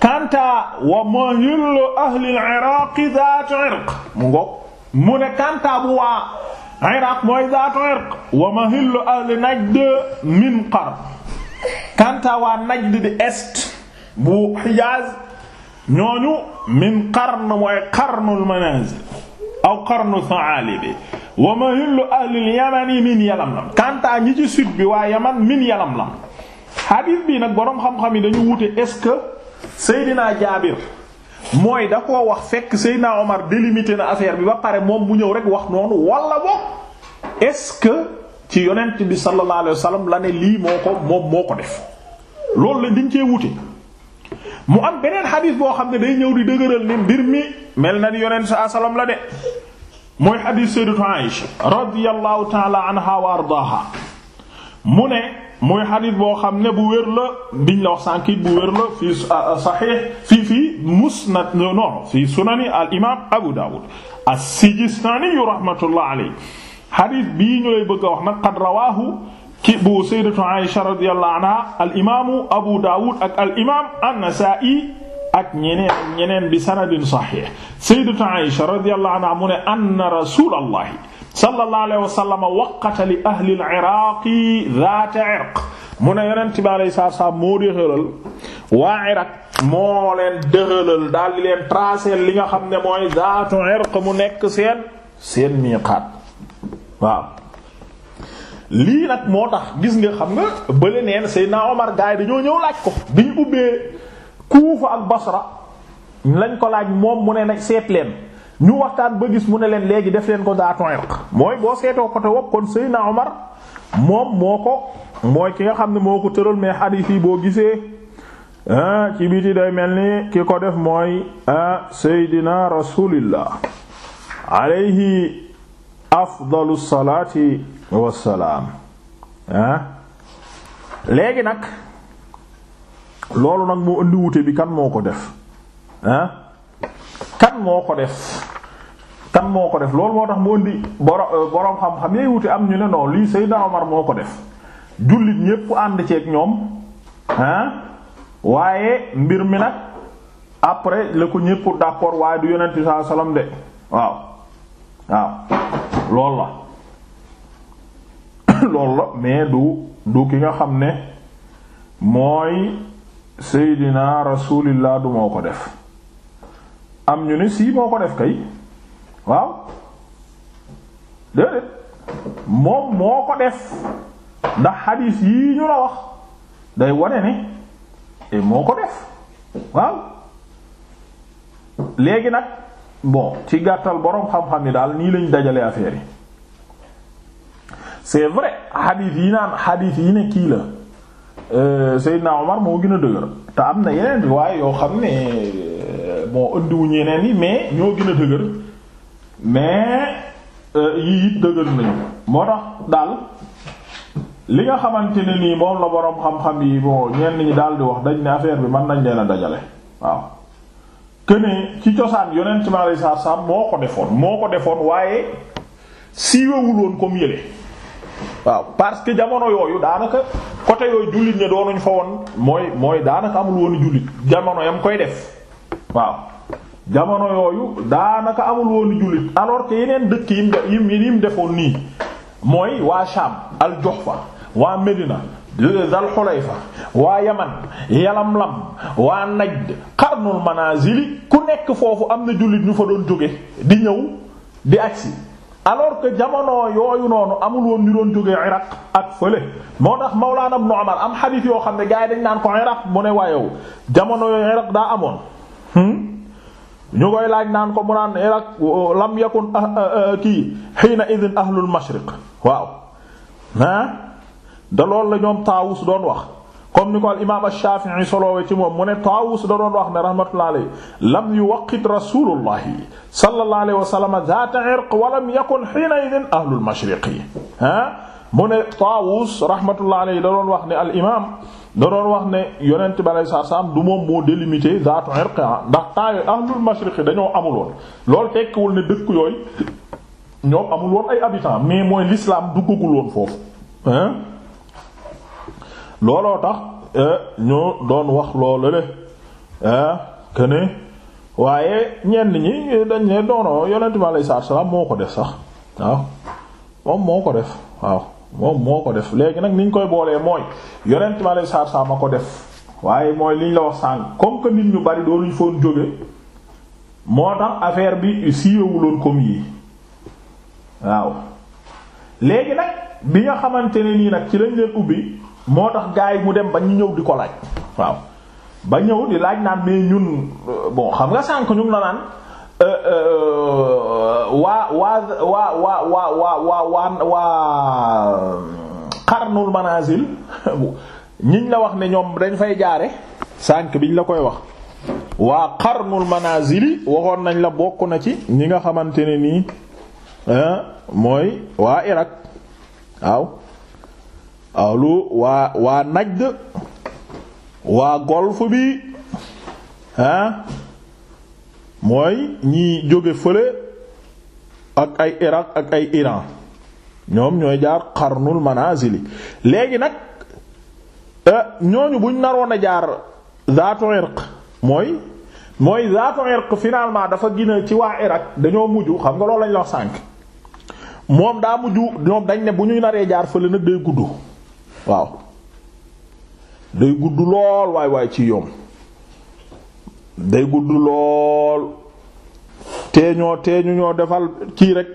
kanta wa mahillu ahli al-Iraq zaat irq mu ngoog mu ne kanta bu waa Iraq mooy zaat irq wa mahillu ahli Najd min qarn kanta waa Najd di est bu Hijaz ñooñu min qarn mooy qarnul manazil aw qarnu tha'alib wa mahillu ahlil yamani min yalamlam kanta ñi ci sit bi waa yaman min yalamlam hadith bi nag boroom xam-xam yi dañu wute est-ce que Seydina Jaabir mooy da ko wax fekk Seydina Omar délimité na affaire bi ba pare moom bu ñëw rek wax noonu wala boog est-ce que ci yonent bi sallallahu alayhi wa sallam la ne lii moo ko moom moo ko def loolu la diñ cee wute mu am beneen hadith boo xam ne day ñëw di dëgëral ne mbir mi mel na ni yonent sa asalam la de mooy xadiis sayyidatu Aïsha radiyallahu taala anha wa ardaaha mu ne mooy xadiis boo xam ne bu wér la biñ la wax sànkit bu wér la fii ah, ah, saxiix fii fii musnad non fii sunani al imaam Abu Dawud as-Sijistaani rahmatullah alayhi xadiis bii ñu lay bëgg a wax nag qad rawaahu ki bu sayyidatu Aïsha radiyallahu anha al imaamu Abu Dawud ak al imaam an-Nasaa'i ak ñeneen ak ñeneen bi sanadin sahih sayyidatu Aisha radiyallahu mu ne anna rasulallahi sallallahu alayhi wa sallam waqata li ahli al mu ne yonent bi alayhi salaatu salaam moo dëxalal waa di leen tracer li nga xam ne mooy dhaatu mu nekk seen seen miiqaat waaw lii nag moo tax gis nga xam nga bële neen Seydina Omar gaay dañoo ñëw laaj ko biñ ubbee Kuufa ak Basra lañ ko laaj moom mu ne nag seet leen ñu waxtaan ba gis mu ne leen léegi def leen ko daa mooy boo seetoo côté wopp kon Seydina Omar moom moo ko mooy ki nga xam ne moo ko tëral mais hadith yi boo gisee ah, ci biti day mel ni ki ko def mooy ah, Seydina Rasulillah alayhi afdalu salaati wassalaam ah. léegi nag loolu nag moo indi wute bi kan moo ko def ah kan moo ko def kan moo ko def loolu moo tax mu indi euh, boroom xam-xam yee wute am ñu ne non lii Seydina Omar moo ko def jullit ñépp ànd ceeg ñoom ah waaye mbir mi nag après la ko ñépp d'accord waaye du yonent bi saa salaam de waaw waaw loolu la [COUGHS] loolu la mais du du ki nga xam ne mooy seydina rasulillah du moo ko def am ñu ne sii moo ko def kay waaw déedéet moom moo ko def ndax xadiis yii ñu la wax day wane ni et moo ko def waaw léegi nag bon ci gàttal boroom xam-xam ni daal nii lañ dajale affaire yi c'est vrai xadiis yi naan xadiis yi ne kii la Euh, Seydina mar moo gën a dëgër te am na yeneen waaye yoo xam ne euh, moo ëndiwu ñeneen yi mais ñoo gën a dëgër mais euh, yii it dëgër nañu moo tax daal li nga xamante ni nii moom la boroom xam-xam yi bon ñenn ñi daal di wax dañ ne affaire bi man nañ leen a dajale waaw que ci cosaan yonent mi alayhi salaam moo ko defoon moo ko defoon waaye siiwewul woon comme yële. waaw parce que jamono yooyu daanaka côté yooyu jullit ña doonuñ fa woon mooy mooy daanaka amul woon jullit jamono yam koy def waaw jamono yooyu daanaka amul woon jullit alors que yeneen dëkk yi yim mu defoon nii mooy waa Sham al Juhfa waa Medina Zal Xulayfa waa Yaman Yalamlam waa Najd Qarnul Manazili ku nekk foofu am na jullit ñu fa doon jóge di ñëw di agsi alors que jamono yooyu noonu amul woon ñu doon jógee iraq ak fële moo tax Mawlaana Ibn Umar am xadiis yoo xam ne gars yi dañ naan ko iraq mu ne waayow jamono yooyu iraq daa amoon hmm? ñu koy laaj naan ko mu naan iraq lam yakun ah, ah, ah, kii xiina idin ahlul mashriq waaw ah da loolu la ñoom taawus doon wax comme ni ko al imaam ash-Shafi'i soloowe ci moom mu ne Taawus da doon wax ne rahmatullahi alayhi lam yuwaqqit rasulullahi sallallahu alayhi wa sallam zaata irq wa lam yakun hiina'idhin ahlul mashriqi ah mu ne Taawus rahmatullahi alayhi da doon wax ne al imaam da doon wax ne yonent bi alayhi salaam du moom moo délimité zaatu irq ah, ndax temps ahlul mashriqi dañoo amul woon loolu tekkiwul ne dëkk yooyu ñoom amul woon ay habitants mais mooy l'islam duggagul woon foofu ah looloo tax eh, ñu doon wax loolu le këne eh, waaye ñenn ñi dañ ne doono yonent bi alayhi salaatu salaam moo ko def sax waaw moom moo ko def waaw moom moo ko def léegi nag niñ koy boolee mooy yonent bi alayhi salaatu salaam a ko def waaye mooy liñ la wax sànq comme que nit ñu bari doonuñ foon jóge moo tax affaire bi siiwewuloon comme yii waaw léegi nag bi nga xamante ne nii nag ci lañ leen ubbi moo tax gaa yi mu dem ba ñu ñëw di ko laaj waaw ba ñëw di laaj naan mais ñun bon xam nga sànk ñu ngi la naan euh, euh, waa waa waa waa waa waa waa waa waa xarnul manazil [LAUGHS] ñiñ la wax ne ñoom dañ fay jaare sànk biñ la koy wax waa xarnul manazili waxoon nañ la bokk na ci ñi nga xamante ne nii mooy waa Irak waaw awlu waa waa Najd waa golf bi mooy ñi jóge fële ak ay Irak ak ay Iran ñoom ñooy jaar qarnul manazili léegi nag euh, ñooñu buñ naroon a jaar zaatu irq mooy mooy zaatu finalement dafa gina ci Irak dañoo mujj xam nga lañ la wax moom daa mujj ñoom dañ ne bu ñuy naree jaar fële nag day gudd waaw day gudd lool waay waay ci yoom day gudd lool teeñoo ñu ñoo defal kii rek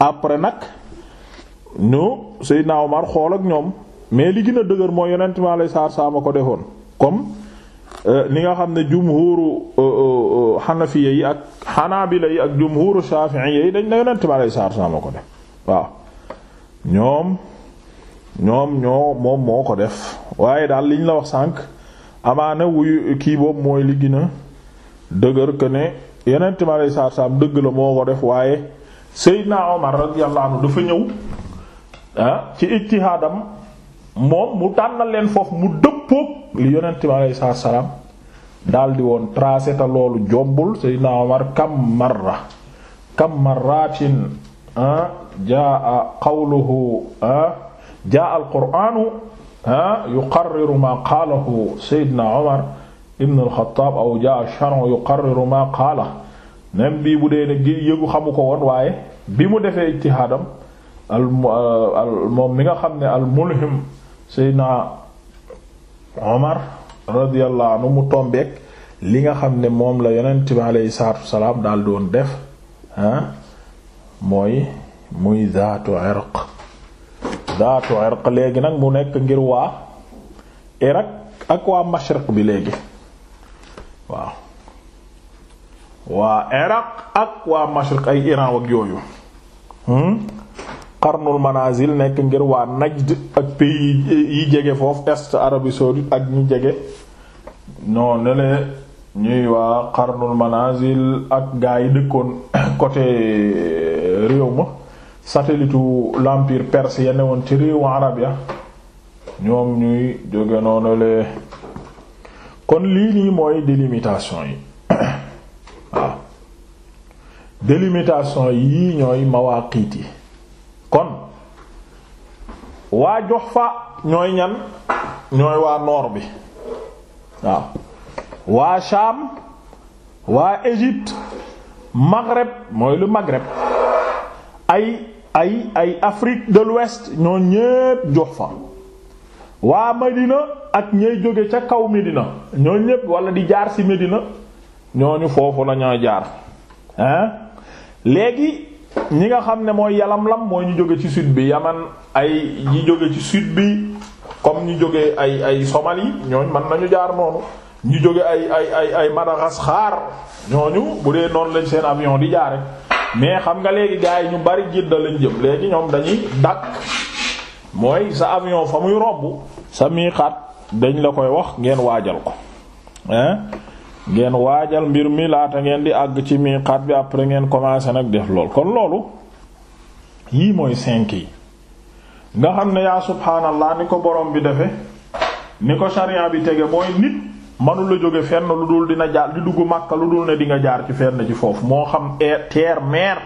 après nag ñu Seydina Omar xool ak ñoom mais li gin a dëgër mooy yonent mi alayhi salaatu salaam a ko defoon comme euh, ni nga xam ne jumhuuru xanafiya euh, euh, yi ak xanaabila yi ak jumhuuru shaafi'iyya yi dañ ne yonent mi alayhi salaatu salaam ko def waaw ñoom ñoom ñoo moom moo ko def waaye daal liñ la wax sànq amaana wuyu kii boobu mooy liggina gën a dëgër que ne yeneen timaare saar saam dëgg la moo ko def waaye Seydina Omar radiyallahu anhu dafa ñëw ah ci ijtihaadam moom mu tànnal leen foofu mu dëppook li yonent bi aleyhi salaatu salaam daldi woon tracé ta loolu jombul Seydina Omar kam marra kam marratin ah, jaa qawluhu ah jaa alqur'aanu yu yuqarriru maa qaalahu Seydina Omar Ibn al aw jaa ash-shar'u yuqarriru maa qaala même bii bu dee ne xamu ko woon waaye bi mu defee ijtihaadam al euh, moom mi nga xam ne al mulhim Seydina Omar radiyallahu anhu mu tombeek li nga xam ne moom la yonent bi aleyhi salaatu wa salaam daal doon def ah mooy muy zaatu irq zaatu irq léegi nag mu nekk ngir waa iraq ak waa mashriq bi léegi waaw waa iraq ak waa mashriq ay iran ak yooyu hmm? qarnul manazil nekk ngir waa najd ak pays yi jege foofu est Arabie saoudite ak ñu jege no ne le ñuy waa qarnul manazil ak gaa yi dëkkoon [COUGHS] côté euh, réew ma satellite u l'empire perse ya newoon ci réewu arab ya ñoom ñuy jóge noonu le kon lii nii mooy délimitation yi [COUGHS] waaw délimitation yii ñooy mawaaqiit yi kon waa Juhfa ñooy ñan ñooy waa noor bi waaw waa Sham waa Égypte Maghreb mooy lu Maghreb ay ay ay Afrique de l'Ouest ñoo ñépp jox fa waa Medina ak ñay jóge ca kaw Medina ñoo ñépp wala di jaar ci Medina ñooñu foofu la jaar hein léegi ñi nga xam ne mooy yalamlam mooy ñu jóge ci sud bi Yaman ay ñi jóge ci sud bi comme ñu jóge ay ay Somalie ñooñ man nañu jaar noonu ñu jóge ay ay ay ay Madagascar ñooñu bu dee noonu lañ seen avion di jaare mais xam nga léegi gars yi ñu bari jidda lañ jëm léegi ñoom dañuy dàq mooy sa avion fa muy robb sa miixaat dañ la koy wax ngeen waajal ko hein ngeen waajal mbir mi laata ngeen di àgg ci miixaat bi après ngeen commencé nag def lool kon loolu yii mooy cinq yi nga xam ne yaa subhaanallah ni ko borom bi defe ni ko sharia bi tege mooy nit manu la jóge fenn lu dul dina jaar di dugg Makka lu dul ne di nga jaar ci fenn ci foofu moo xam air terre mer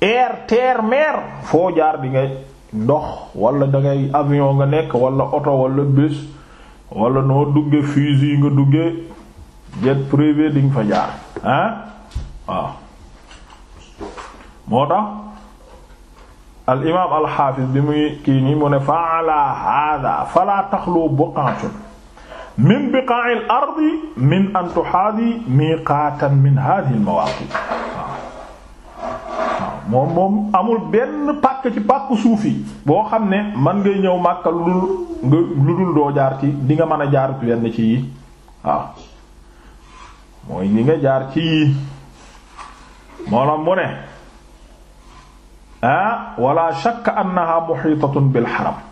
air terre mer foo jaar bi nga ndox walla dangay avion nga nekk walla oto walla bus walla noo dugge fusil nga dugge jet privé di nga fa jaar ah waaw moo tax al imaam al xaafis bi muy kii nii mu ne fa ala hada fala taxlu buqatun min biqa'il ardi min an tuhaadi miqaatan min haadihil mawaaqit moom moom amul benn pàkk ci pàkk suuf boo xam ne man ngay ñëw Makka lu lu dul doo jaar ci di nga mën a jaar benn ci yi waaw mooy di nga jaar ci yi moo la mu ne ah wala shakka annaha muhitatun bil haram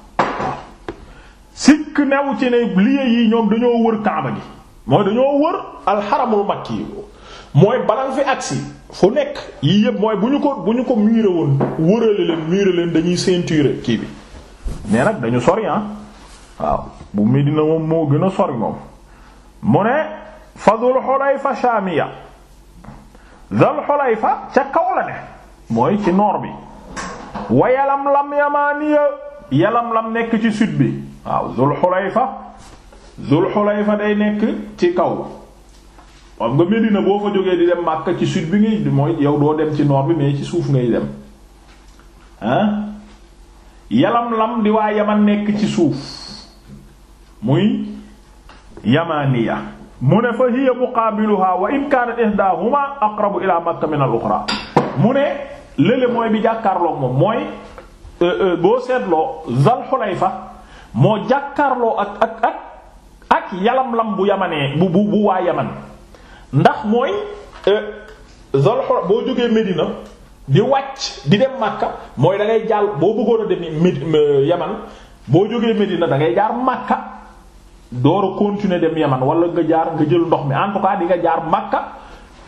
sikk newu ci ne lieux yi ñoom dañoo wër kaaba gi mooy dañoo wër alxaramul makki mooy balan fi agsi fu nekk yii yëpp mooy bu ñu ko bu ñu ko miire woon wërale leen miire leen dañuy ceinture kii bi mais nag dañu sori ah waaw bu Medina moom moo gën a sori moom mu ne fa Dul Xulayfa shamiya Dul ca kaw la ne mooy ci noor bi wayalam lam yamaaniya yalam lam nekk ci sud bi waaw zul fa zul xulayfa day nekk ci kaw xam nga Medina boo fa jógee di dem Màkka ci sud bi ngay mooy yow doo dem ci nord bi mais ci suuf ngay dem ah yalam lam di waa yaman nekk ci suuf muy yamaniya mu ne fa hiya muqaabiluha wa in kaanat ihdahuma aqrabu al-ukhra mu ne lële mooy bi jàkkaarloog moom mooy Euh, euh, boo seetloo Zal fa moo jàkkaarloo ak ak ak ak yalamlam bu yamanee bu bu waa yaman ndax mooy euh, Zal Xulayfa boo jógee Medina di wàcc di dem Makka mooy da ngay jàll boo bëggoon a dem Med yaman boo jógee Medina da ngay jaar Makka door a continuer dem yaman wala nga jaar nga jël ndox mi en tout cas di nga jaar Makka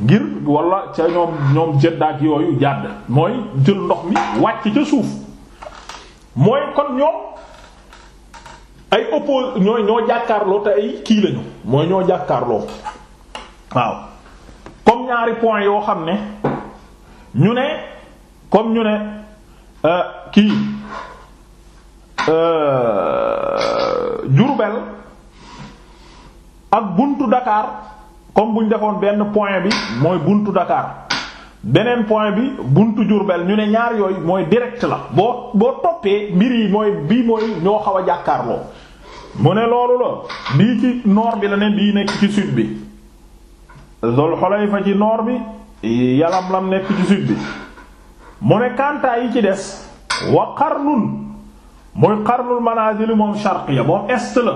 ngir walla ca ñoom ñoom jëddaak yooyu jàdd mooy jël ndox mi wàcc ca suuf. mooy kon ñoom ay oppose ñooy ñoo jàkkaarloo te ay kii lañu mooy ñoo jàkkaarloo waaw comme ñaari point yoo xam ne ñu ne comme ñu ne euh, kii euh, Diourbel ak buntu Dakar comme buñ ñu defoon benn point bi mooy buntu Dakar beneen point bi buntu jurbel ñu ne ñaar yooyu mooy direct la boo boo toppee mbir yi mooy bii mooy ñoo xaw a jàkkaarloo mu ne loolu la bii ci noor bi la ne bii nekk ci sud bi Zul Xulayfa ci nord bi Yalam lam nekk ci sud bi mu ne kantaa yi ci des wa qarnun mooy qarnul manazili moom sharqiya moom est la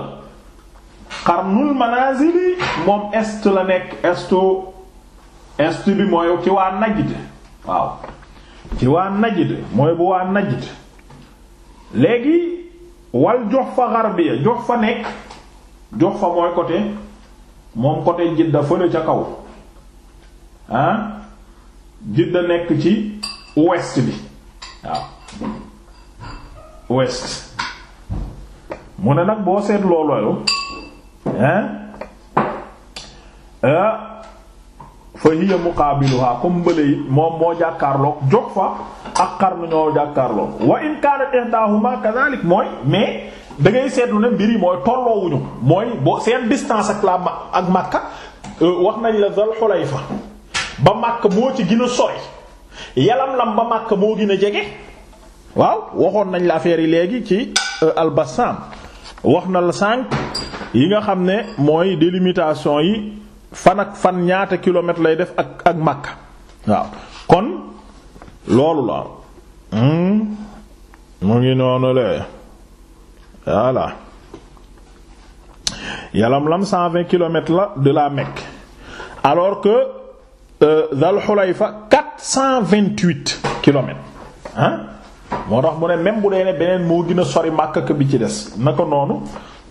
qarnul manazili moom est la nekk estu est bi mooy ci waa Najd waaw ci waa Najd mooy bu waa Najd léegi wal Juhfa Gharbiya Juhfa nekk Juhfa mooy côté moom côté Jidda fële ca kaw ah Jidda nekk ci ouest bi waaw ouest mu ne nag boo seet loolu hein euh, fa hiya waa comme bële moom moo jàkkaarlook jóg fa ak xarnu ñoo jàkkaarloog wa in kaanat ihdaahuma kadhalik mooy mais da ngay seetlu ne mbir yi mooy tolloowuñu mooy boo seen distance ak la ak Makka euh, wax nañ la Dul Xulayfa ba Makka moo ci gën a sori yalam ba Makka moo gën a jege waaw waxoon nañ la affaire yi léegi ci euh, al wax na la sànq yi nga xam ne mooy délimitation yi. fan ak fan ñaata kilomètre lay def ak ak Makka waaw kon loolu la hmm? mu ngi noonu le voilà yalam lam la de la Mecque alors que euh, Dal Xulayfa quatre cent vingt-huit moo tax mu ne même bu dee ne beneen moo gën a sori Makka bi ci des naka noonu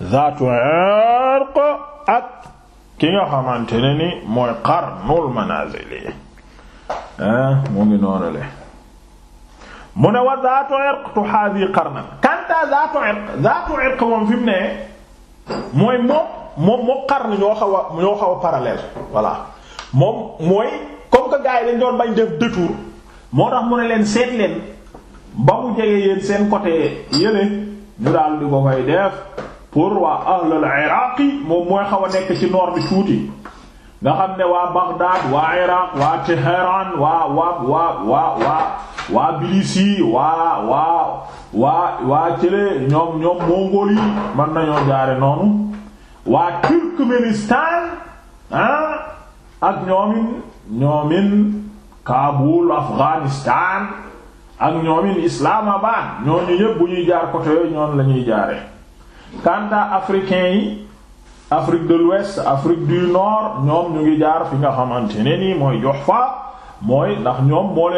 zaatu Irq ak ki nga xamante ne ni mooy qarnul manazili ah mu ngi noonu le mu ne wa zaatu irq tuhaazi qarnan kanta zaatu irq zaatu irq moom fi ne mooy moom moom moom qarn ñoo xaw ñoo xaw a parallèle moom mooy comme que gars yi doon bañ def détour moo tax mu ne leen seet leen ba mu jege yéen seen côté yële ñu daal di ko def pour waa ahlul iraqi moom mooy xaw a nekk ci nord bi tuuti nga xam ne waa Baghdad waa iraq waa Téhéran waa waa waa waa waa waa Bilisi waa waa waa waa cële ñoom ñoom Mongolie mën nañoo jaare noonu waa Turkménistan ah, ak ñoomin ñoomin Kaabul Afghanistan ak ñoomin Islamabad ñooñu yépp bu ñuy jaar côté yooyu ñoon la jaare kanta africain yi Afrique de l'Ouest Afrique du Nord ñoom ñu ngi jaar fi nga xamante ne nii mooy jox fa mooy ndax ñoom moo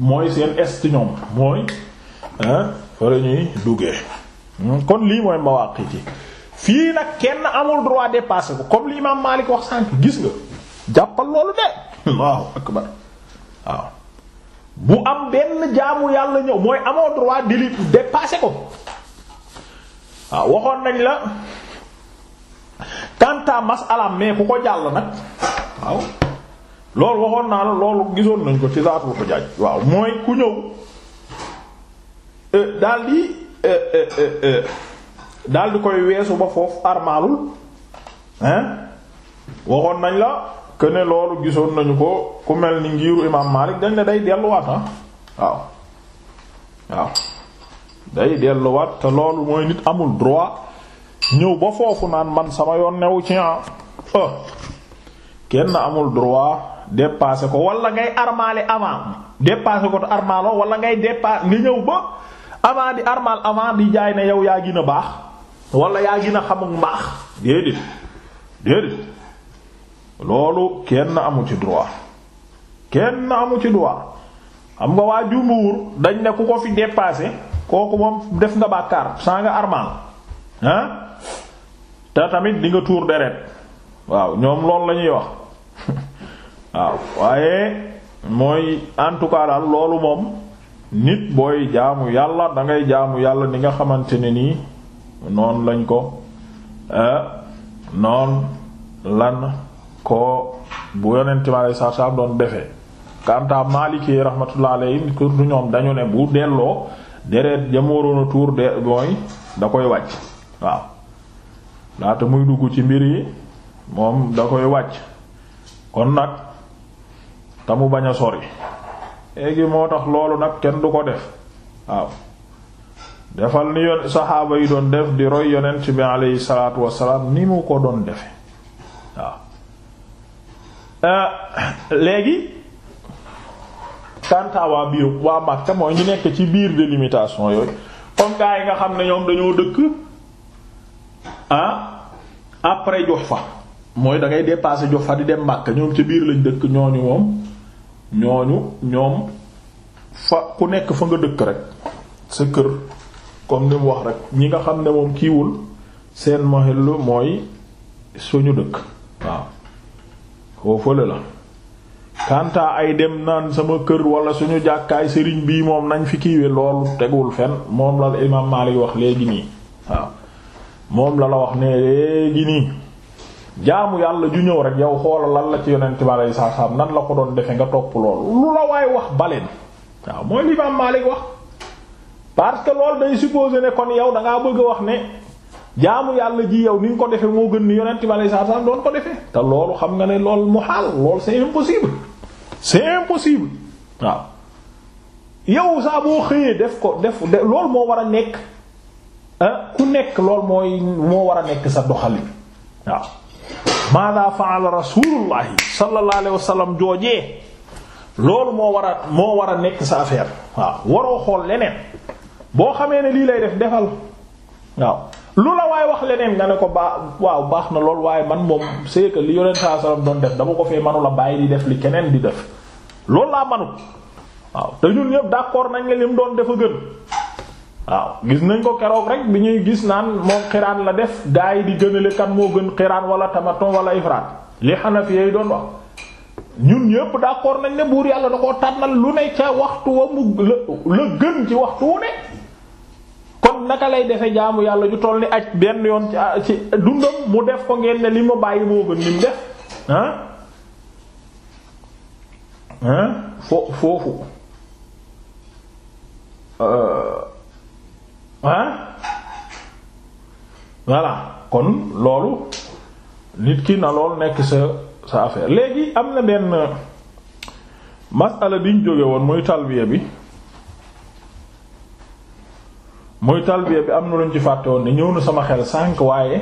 mooy seen est ñoom mooy fa duggee hmm, kon lii mooy Mawaqiti fii nag kenn amul droit dépasser ko comme li imaam Maalik wax sànq gis nga jàppal loolu de waaw akbar waaw bu am benn jaamu yàlla ñëw mooy amoo droit dili dépasser ko waaw waxoon nañ la kanta masalaam mais ku ko jàll nag waaw loolu waxoon naa la loolu gisoon nañ ko ci zaatul xujaaj waaw mooy ku ñëw euh, daldi euh, euh, daldi koy weesu ba foofu armaalul hein waxoon nañ la que ne loolu gisoon nañu ko ku mel ni ngiiru imaam Maalik dañ ne day delluwaat ah, waaw waaw day delluwaat te loolu mooy nit amul droit ñëw ba foofu naan man sama yoon newu ci ah kenn amul droit dépasser ko wala ngay armaale avant dépasser ko te armaaloo wala ngay dépasser nga ñëw ba avant di armal avant di jaay ne yow yaa gin a baax wala yaa gën a xamuk mbaax déedéet déedéet loolu kenn amul ci droit kenn amu ci droit xam nga waa jumbuur dañ ne ku ko fi dépasser kooku moom def nga bàkkaar saa nga armaal ah te tamit di tuur deret waaw ñoom loolu la ñuy wax [LAUGHS] waaw waaye mooy en tout cas daal loolu moom nit booy jaamu yàlla da ngay jaamu yàlla ni nga xamante ne nii noon lañ ko eh, noon lan ko bu yonent ma lay saab doon defee. Kanta Maliki rahmatullah alayhi ko du ñoom dañu ne bu delloo. deret jamono tuur de mooy da koy wàcc waaw laata muy dugg ci mbir yi moom da koy wàcc kon nag te mu bañ a sori léegi moo tax loolu nag kenn du ko def waaw defal ni saxaaba yi doon def di roy yonent bi aleyhi salaatu wassalaam ni mu ko doon defe waaw eh, léegi kanta waa biir waa Makka mooy ñu nekk ci biir délimitation yooyu comme yi nga xam ne ñoom dañoo dëkk ah après Juhfa mooy dangay ngay dépasser fa di dem Makka ñoom ci biir lañ dëkk ñooñu moom ñooñu ñoom fa ku nekk fa nga dëkk rek sa kër comme ni mu wax rek ñi nga xam ne moom kiiwul seen maxellu mooy suñu dëkk waaw foofale la kanta ay dem naan sama kër wala suñu jàkkaay sëriñ bii moom nañ fi kiiwe loolu tegul fen moom la imaam Maalik wax léegi nii waaw moom la la wax ne léegi nii jaamu yàlla ju ñëw rek yow xoolal lan la ci yonent bi alayhi nan la ko doon defe nga topp loolu lu la waay wax baleen waaw mooy li imaam Maalik wax parce que loolu day supposer ne kon yow dangaa bëgg wax ne jaamu yàlla ji yow ni nga ko defe moo gën ni yonent bi alayhi salaam doon ko defe te loolu xam nga ne loolu c'est impossible waaw yow saa boo xëyee def ko def loolu moo war a nekk ah, ku nekk lool mooy moo war a nekk sa doxalin waaw maada faala rasulullahi sallallahu alayhi wasallam joojee loolu moo war a moo war a nekk sa affaire waaw waroo xool leneen boo xamee ne lii lay def defal waaw lu la waaye wax leneen nga ne ko baax waaw baax na lool waaye man moom c'est que li yonent saa doon def dama ko fee manula bàyyi di def li keneen di def loolu laa manut waaw te ñun ñëpp d'accord nañ ne doon dafa gën waaw nañ ko keroog rek bi ñuy gis naan moom la def gaa di gënale kan moo gën wala tamaton wala ifraat li Hanafi yi doon wax ñun ñëpp d'accord nañ ne buur yàlla da koo tànnal lu ne ca waxtu wa mu la gën ci waxtu wu ne kon naka lay defe jaamu yàlla ju toll ni ak benn yoon ci dundam mu def ko ngeen ne li ma bàyyi moo gën lim def ah ah foofu uh, ah voilà kon loolu nit ki na lool nekk sa sa affaire léegi am na benn masala bi ñu jóge woon muy talbiya bi mooy talbiya bi am na luñ ci fàtte woon ne ñëw na sama xel sànq waaye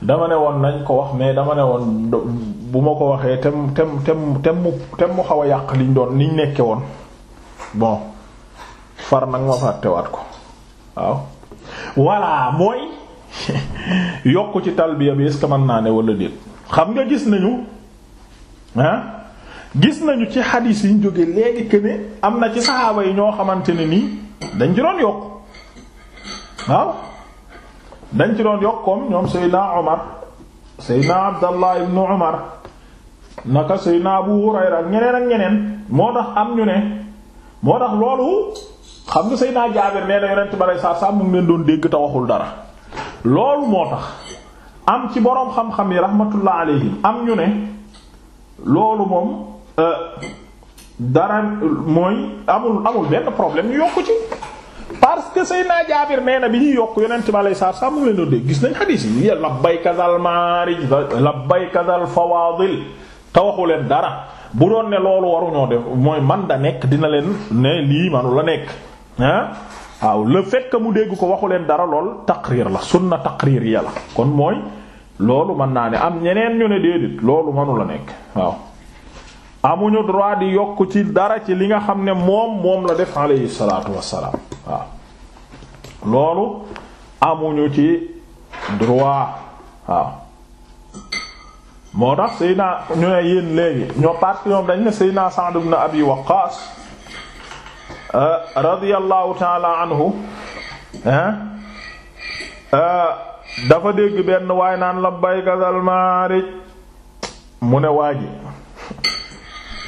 dama ne woon nañ ko wax mais dama ne woon bu ma ko waxee tem tem tem mu tem mu xaw a yàq liñ doon niñ nekke woon bon far nag ma fàttewaat ko waaw voilà mooy [LAUGHS] yokk ci talbiya bi est man naa ne wala déet xam nga gis nañu ah gis nañu ci xadiis yi ñu jóge léegi que am na ci saxaaba yi ñoo xamante ne nii dañ ci doon yokk waaw dañ ci doon yokk comme ñoom Seydina Omar Seydina Abdallah ibn Omar naka Seydina Abu Hurayra ñeneen ak ñeneen moo tax am ñu ne moo tax loolu xam nga Seydina Jaabir nee na yonent ba saa saa mu ngi doon dégg te waxul dara loolu moo tax am ci boroom xam-xam yi rahmatullah alayhim am ñu ne loolu moom. Euh, dara mooy amul amul benn problème ñu yokk ci parce que Seydina Jaabir nee na bi ñuy yokk yonent bi alayhi salaatu salaam mu leen doon dégg gis nañ xadiis yi labbayka zal maarij labbayka zal fawaadil te waxu leen dara bu doon ne loolu waruñoo def mooy man da nekk dina leen ne lii manu nekk ah waaw le fait mu dégg ko waxu leen dara lool taqrir la sunna taqrir ya la kon mooy loolu mën naa ne am ñeneen ñu ne déedéet loolu manu nekk waaw amuñu droit di yokk ci dara ci li nga xam ne moom moom la def alayhi salaatu wassalaam waaw loolu amuñu ci droit waaw moo tax Seydina ñu ne yéen léegi ñoo parti ñoom dañ ne Seydina Sa'd ibn Abi Waqqas euh, radiyallahu anhu euh, dafa dégg benn waaye naan la zal maarij mu ne waaji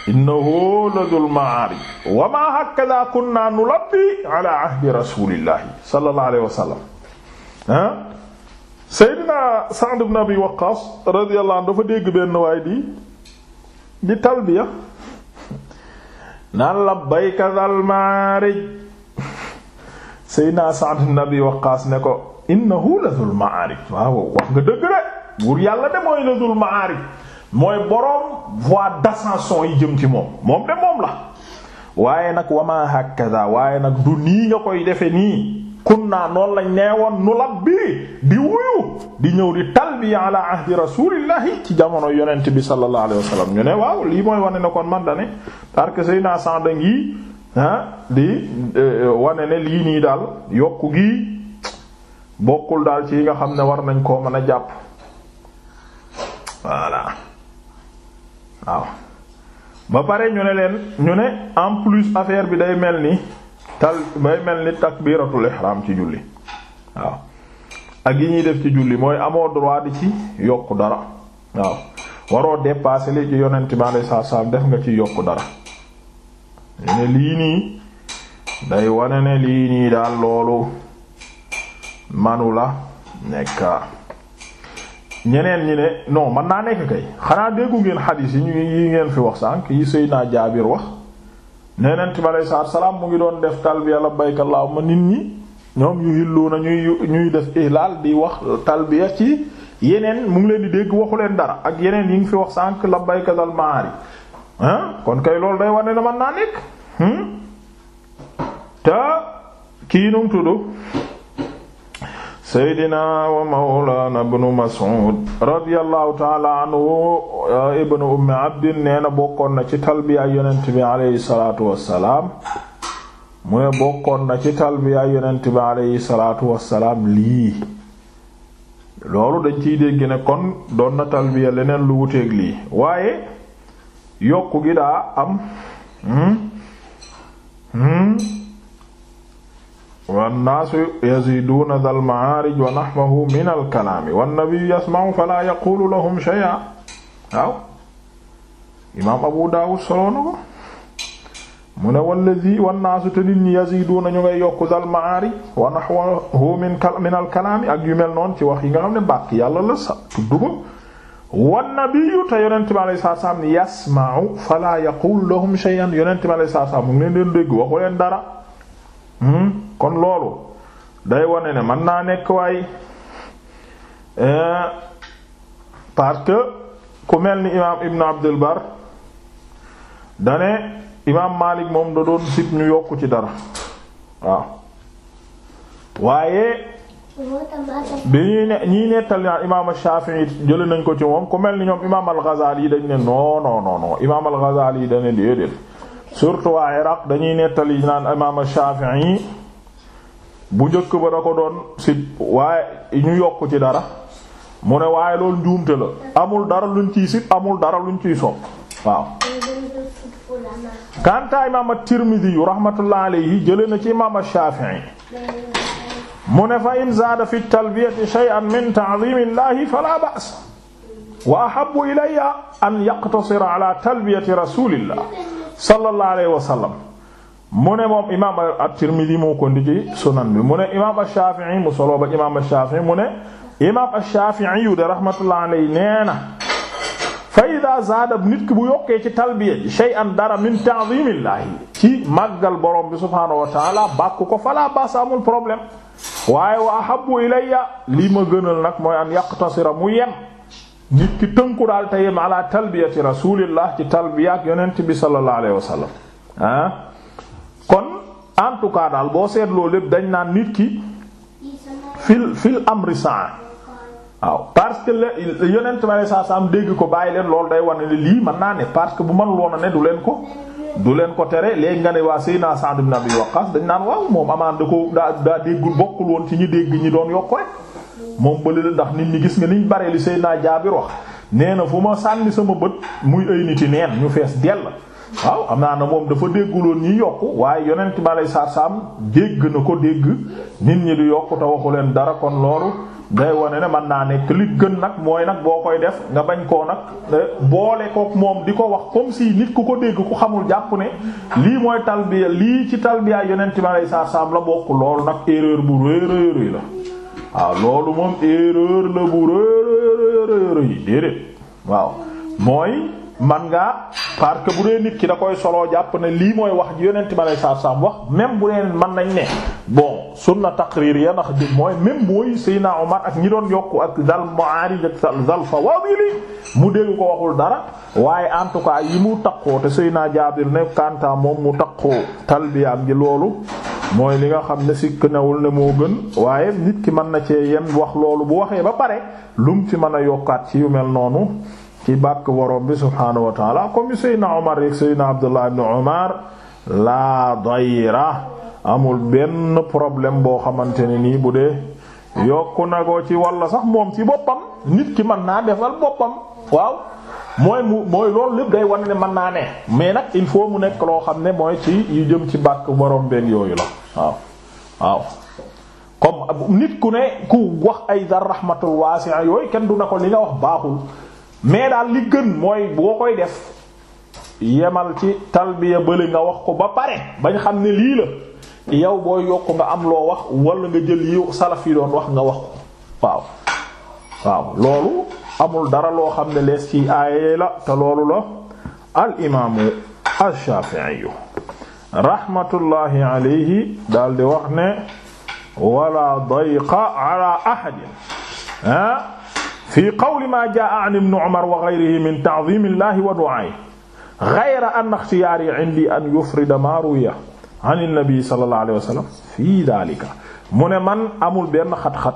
innahu ladul maari wa ma hakada kunna nulabbi ala ahdi rasulillahi sallallahu alayhi wa sallam ah Seydina Sa'd ibn Abi Waqqas radiyallahu anhu dafa dégg benn waay di di talbiya naan labbayka zal maarij Seydina Sa'd ibn Abi Waqqas ne ko innahu ladul maarij waaw wax nga dëgg rek buur yàlla de mooy ladul maarij mooy boroom voie d'ascension yi jëm ci moom moom de moom la waaye nag wama hakaza waaye nag du nii nga koy defe nii kunna noonu lañ nee woon nu lab bi di wuyu di ñëw di talbiya ala ahdi rasulillahi ci jamono yonent bi sallallahu alayhi wasallam ñu ne waaw lii mooy wane ne kon man da parce que say naa san da ngi ah, di eh, wane ne lii nii daal yokk gi bokkul daal ci yi nga xam ne war nañ koo mën a jàpp voilà waaw ba pare ñu ne leen ñu ne en plus affaire bi day mel ni tal day mel ni takbiratul ihram ci julli waaw ak yi ñuy def ci julli mooy amoo droit di ci yokk dara waaw waroo dépasser li ci yonent bi alayhi salaatu def nga ci yokk dara ñu ne lii nii day wane ne lii nii daal loolu manu la nekka ñeneen ñi ne non man naa nekk kay xanaa déggu ngeen xadiis yi ñu ngi yi ngeen fi wax sànq yi Seydina Jaabir wax neneen bi aleyhi salaatu salaam mu ngi doon def talbiya labbayka allahumma nit ñi ñoom yu hillu na ñuy ñuy def ihlaal di wax talbiya ci yeneen mu ngi leen di dégg waxu leen dara ak yeneen yi ngi fi wax sànq labbayka zal maari kon kay loolu day wane ne man naa nekk hmm? te kii nu tudd seydina wa mawlana ibnu mas'ud radiyallahu taala anhu uh, ibnu ummi abdin nee na bokkoon na ci talbiyaay yonent bi aleyhi salaatu wassalaam mu ne na ci talbiyaay yonent bi aleyhi salaatu wassalaam lii loolu dañ ciy dégg kon doon na talbiya leneen lu wuteeg lii waaye yokku gi am hmm hmm wannaasu yaziduuna dal maarij wa naxwahu min alkalaami wannabiyu yasma'u falaa yaquulu lahum shay'an waaw imaam Abu Daawud soloo na ko mu ne wallazi wannaasu te nit ñi ñu ngay yokku dal maarij wa naxwahu min alkalaami ak yu mel noonu ci wax yi nga xam ne bàkk yàlla la sa tudd ko te yonente bi alayhi salaatu salaam yasma'u falaa yaquulu lahum shay'an yonente bi alayhi salaatu salaam mu ngi leen dégg waxu leen dara hmm? kon loolu day wone ne man naa nekk waay eh, parce ku mel ni imaam Ibn Abdul Bar dane imaam Maalik moom da doon sib ñu yokku ci dara waaw waaye bi ñuy ne ñiy nettal ñaar imaam Shafi'i jëlee nañ ko ci moom ku mel ni ñoom imaam al-Ghazali yi dañ ne non non imaam al-Ghazali yi dañ déedéet surtout waa Iraq dañuy nettali naan imaam Shafi'i bu njëkk ba da ko doon si waaye ñu yokk ci dara mu ne waaye lool njuumte la amul dara luñ ciy sit amul dara luñ ciy sopp waaw kanta imaam at rahmatullah alayhi jële na ci imaam ash-Shafi'i mu ne fa in zaada fi talbiyati shay'an min ta'zimi llahi fala ba's wa ahabbu ilayya an yaqtasira ala talbiyati rasulillah sallallahu alayhi wa mu ne moom imaam at-Tirmidhi moo ko ndi ci sunan bi mu ne imaam ash-Shafi'i mu solo ba imaam ash-Shafi'i mu ne imaam ash-Shafi'i yu de rahmatullah alayhi nee na fa ida zaada nit ki bu yokkee ci talbiya ji shay'an dara min ta'zimillah ci màggal borom bi subhaanahu wa ta'ala bàkku ko fala basa amul problème waaye wa ahabbu ilayya li ma gënal nag mooy an yaqtasira mu yem nit ki tënku daal te yem ala talbiyati rasulillah ci talbiya ak yonent bi sallallahu alayhi wa sallam ah kon en tout cas daal boo seetloo lépp dañ naan nit ki fil fil amri saa waaw parce que yonent ma saa saa am dégg ko bàyyi leen loolu day wane lii mën naa ne parce que bu man loona ne du leen ko du leen ko tere léegi nga ne waa Seydina Sa'd ibn Abi dañ naan waaw moom amaan da ko daa daa déggul bokkul woon ci ñi dégg ñi doon yokk rek moom bële la ndax nit ñi gis nga niñ baree li Seydina Jaabir wax nee na fu ma sànni sama bët muy ay nit yi neen ñu fees dell waaw am naa na moom dafa dégguloon ñi yokk waaye yonent ma lay saa saam dégg na ko dégg nit ñi di yokk waxu leen dara kon loolu day wane ne man naa nekk li gën nag mooy nag boo koy def nga bañ koo nag eh, boole kook moom di ko wax comme si nit ku ko dégg ku xamul jàpp ne lii mooy talbiya lii ci talbiya yonent ma lay saa saam la bokk lool nag erreur bu rëy rëy la waaw loolu moom erreur la bu rëy rëy rëy déedéet waaw mooy. man ngaa parce bu dee nit ki da koy soloo jàpp na lii mooy wax yonent bi alay salaam wax même bu dee mën nañ ne bon sunna taqrir ya ndax di mooy même mooy Seydina Omar ak ñi doon yokku ak zal Mu'arij ak zal Fawadili mu dégg dara waaye en tout cas yi mu takkoo te Seydina Jaabir ne kanta moom mu takkoo talbiyaam gi loolu mooy li nga xam ne sikk newul ne moo gën waaye nit ki mën na cee yem wax loolu bu waxee ba pare lum ci mën a yokkaat ci yu noonu ci bàkk waroom bi subhaanahu wa taala comme Seydina Omar yeeg Seydina Abdullah ibn Omar laa dayra amul benn problème boo xamante ne nii bu dee yokk na ko ci walla sax moom ci boppam nit ki mën naa defal boppam waaw mooy mu mooy loolu lépp day wane ne mën naa ne mais nag il faut mu nekk loo xam ne mooy ci yu jëm ci bàkk waroom benn yooyu la waaw waaw comme nit ku ne ku wax ay dar rahmatul wasi'a yooyu kenn du na ko li nga wax baaxul mais daal li gën mooy boo koy def yemal ci talbiya bële nga wax ko ba pare bañ xam ne lii la yow boo yokk nga am loo wax wala nga jël yi salaf yi doon wax nga wax ko waaw loolu amul dara loo xam ne lees ci aaye la te loolu la al imaamu ash-Shafi'i rahmatullahi alayhi daal di wax ne wala dayqa ala ahadin ah fi qawli ma jaa an ibn Umar wa ghayrihi min ta'zim Allahi wa du'aa'ihi ghayra anna ikhtiyaari 'indi an yufrida ma ruwiya 'an an-nabi sallallahu alayhi wa sallam fi dhalika mu ne man amul benn xat-xat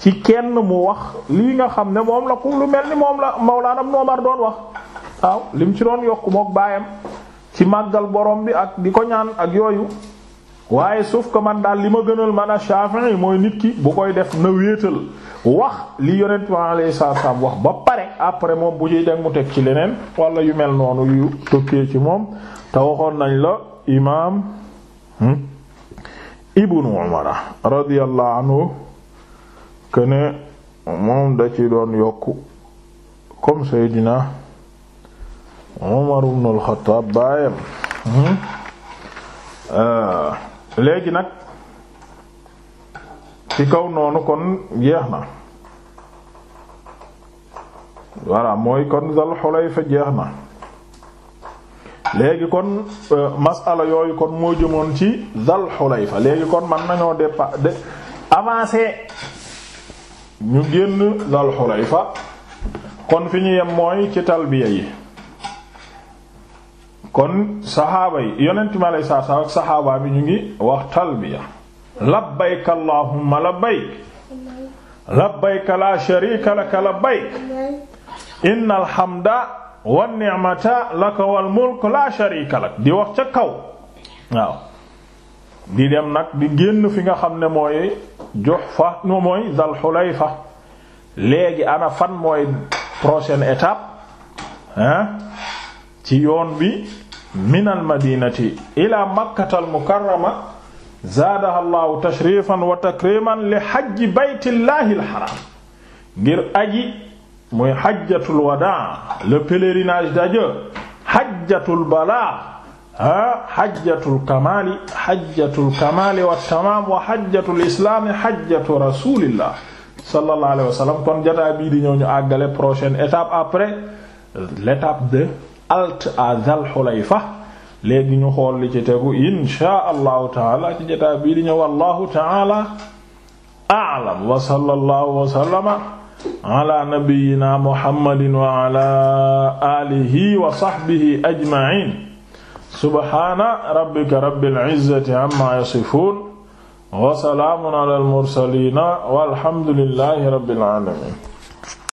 ci kenn mu wax lii nga xam ne moom la ku lu mel ni moom la Mawlaana ibn Umar doon wax waaw lim ci doon yokk mook baayam ci màggal borom bi ak di ko ñaan ak yooyu waaye sauf que man daal li ma gënal man a Shafi'i mooy nit ki bu koy def na wéetal wax li yonent bi alayhi salaam wax ba pare après moom bu ciy teg mu teg ci leneen wala yu mel noonu yu tukkee ci moom te waxoon nañ la imaam hmm, ibnu umara radiyallahu anhu këne moom da ci doon yokku comme seydina umar ibnu al-Xattaab hmm, euh, léegi nag ci kaw noonu kon jeex na voilà mooy kon Zal Hulayfa jeex na léegi kon euh, masala yooyu kon moo jëmoon ci Zal Hulayfa léegi kon man nañoo dépa de avancer ñu génn Zal Hulayfa kon fi ñu yem mooy ci talbiya yi kon saxaaba yi yonent mi alayhi salaatu ak saxaaba bi ñu ngi wax talbiya labbayka allahumma labbayk labbayka la sharika laka labbayk innal hamda wan ni'mata laka wal mulk la sharika lak di wax ca kaw waaw di dem nag di génn fi nga xam ne mooy Juhfa no mooy Zal Hulayfa léegi ana fan mooy prochaine étape ah ci yoon bi min madinati ila makkatal mukarrama zaadaha llahu tashrifan wa takriman li xajji baytillahi alxaram ngir aji muy xajjatul wadaa le pèlerinage d'adieu xajjatul balaa ah xajjatul kamaali xajjatul kamaali wa tamaam wa xajjatul islaami xajjatu rasulillah sallallahu alayhi wa sallam kon jataa bii di ñëw ñu àggale prochaine étape après l'étape de halte à Dhul Hulayfa léegi ñu xool li ci tegu insha allahu taala ci jotaay bii di ñëw wallahu taala a'lam wa sallallahu wa sallama ala nabiyyina muhammadin wa ala alihi wa sahbihi ajma'in subhana rabbika rabbil izzati amma yasifun wa salaamun ala al mursalin walhamdulillahi rabbil alamin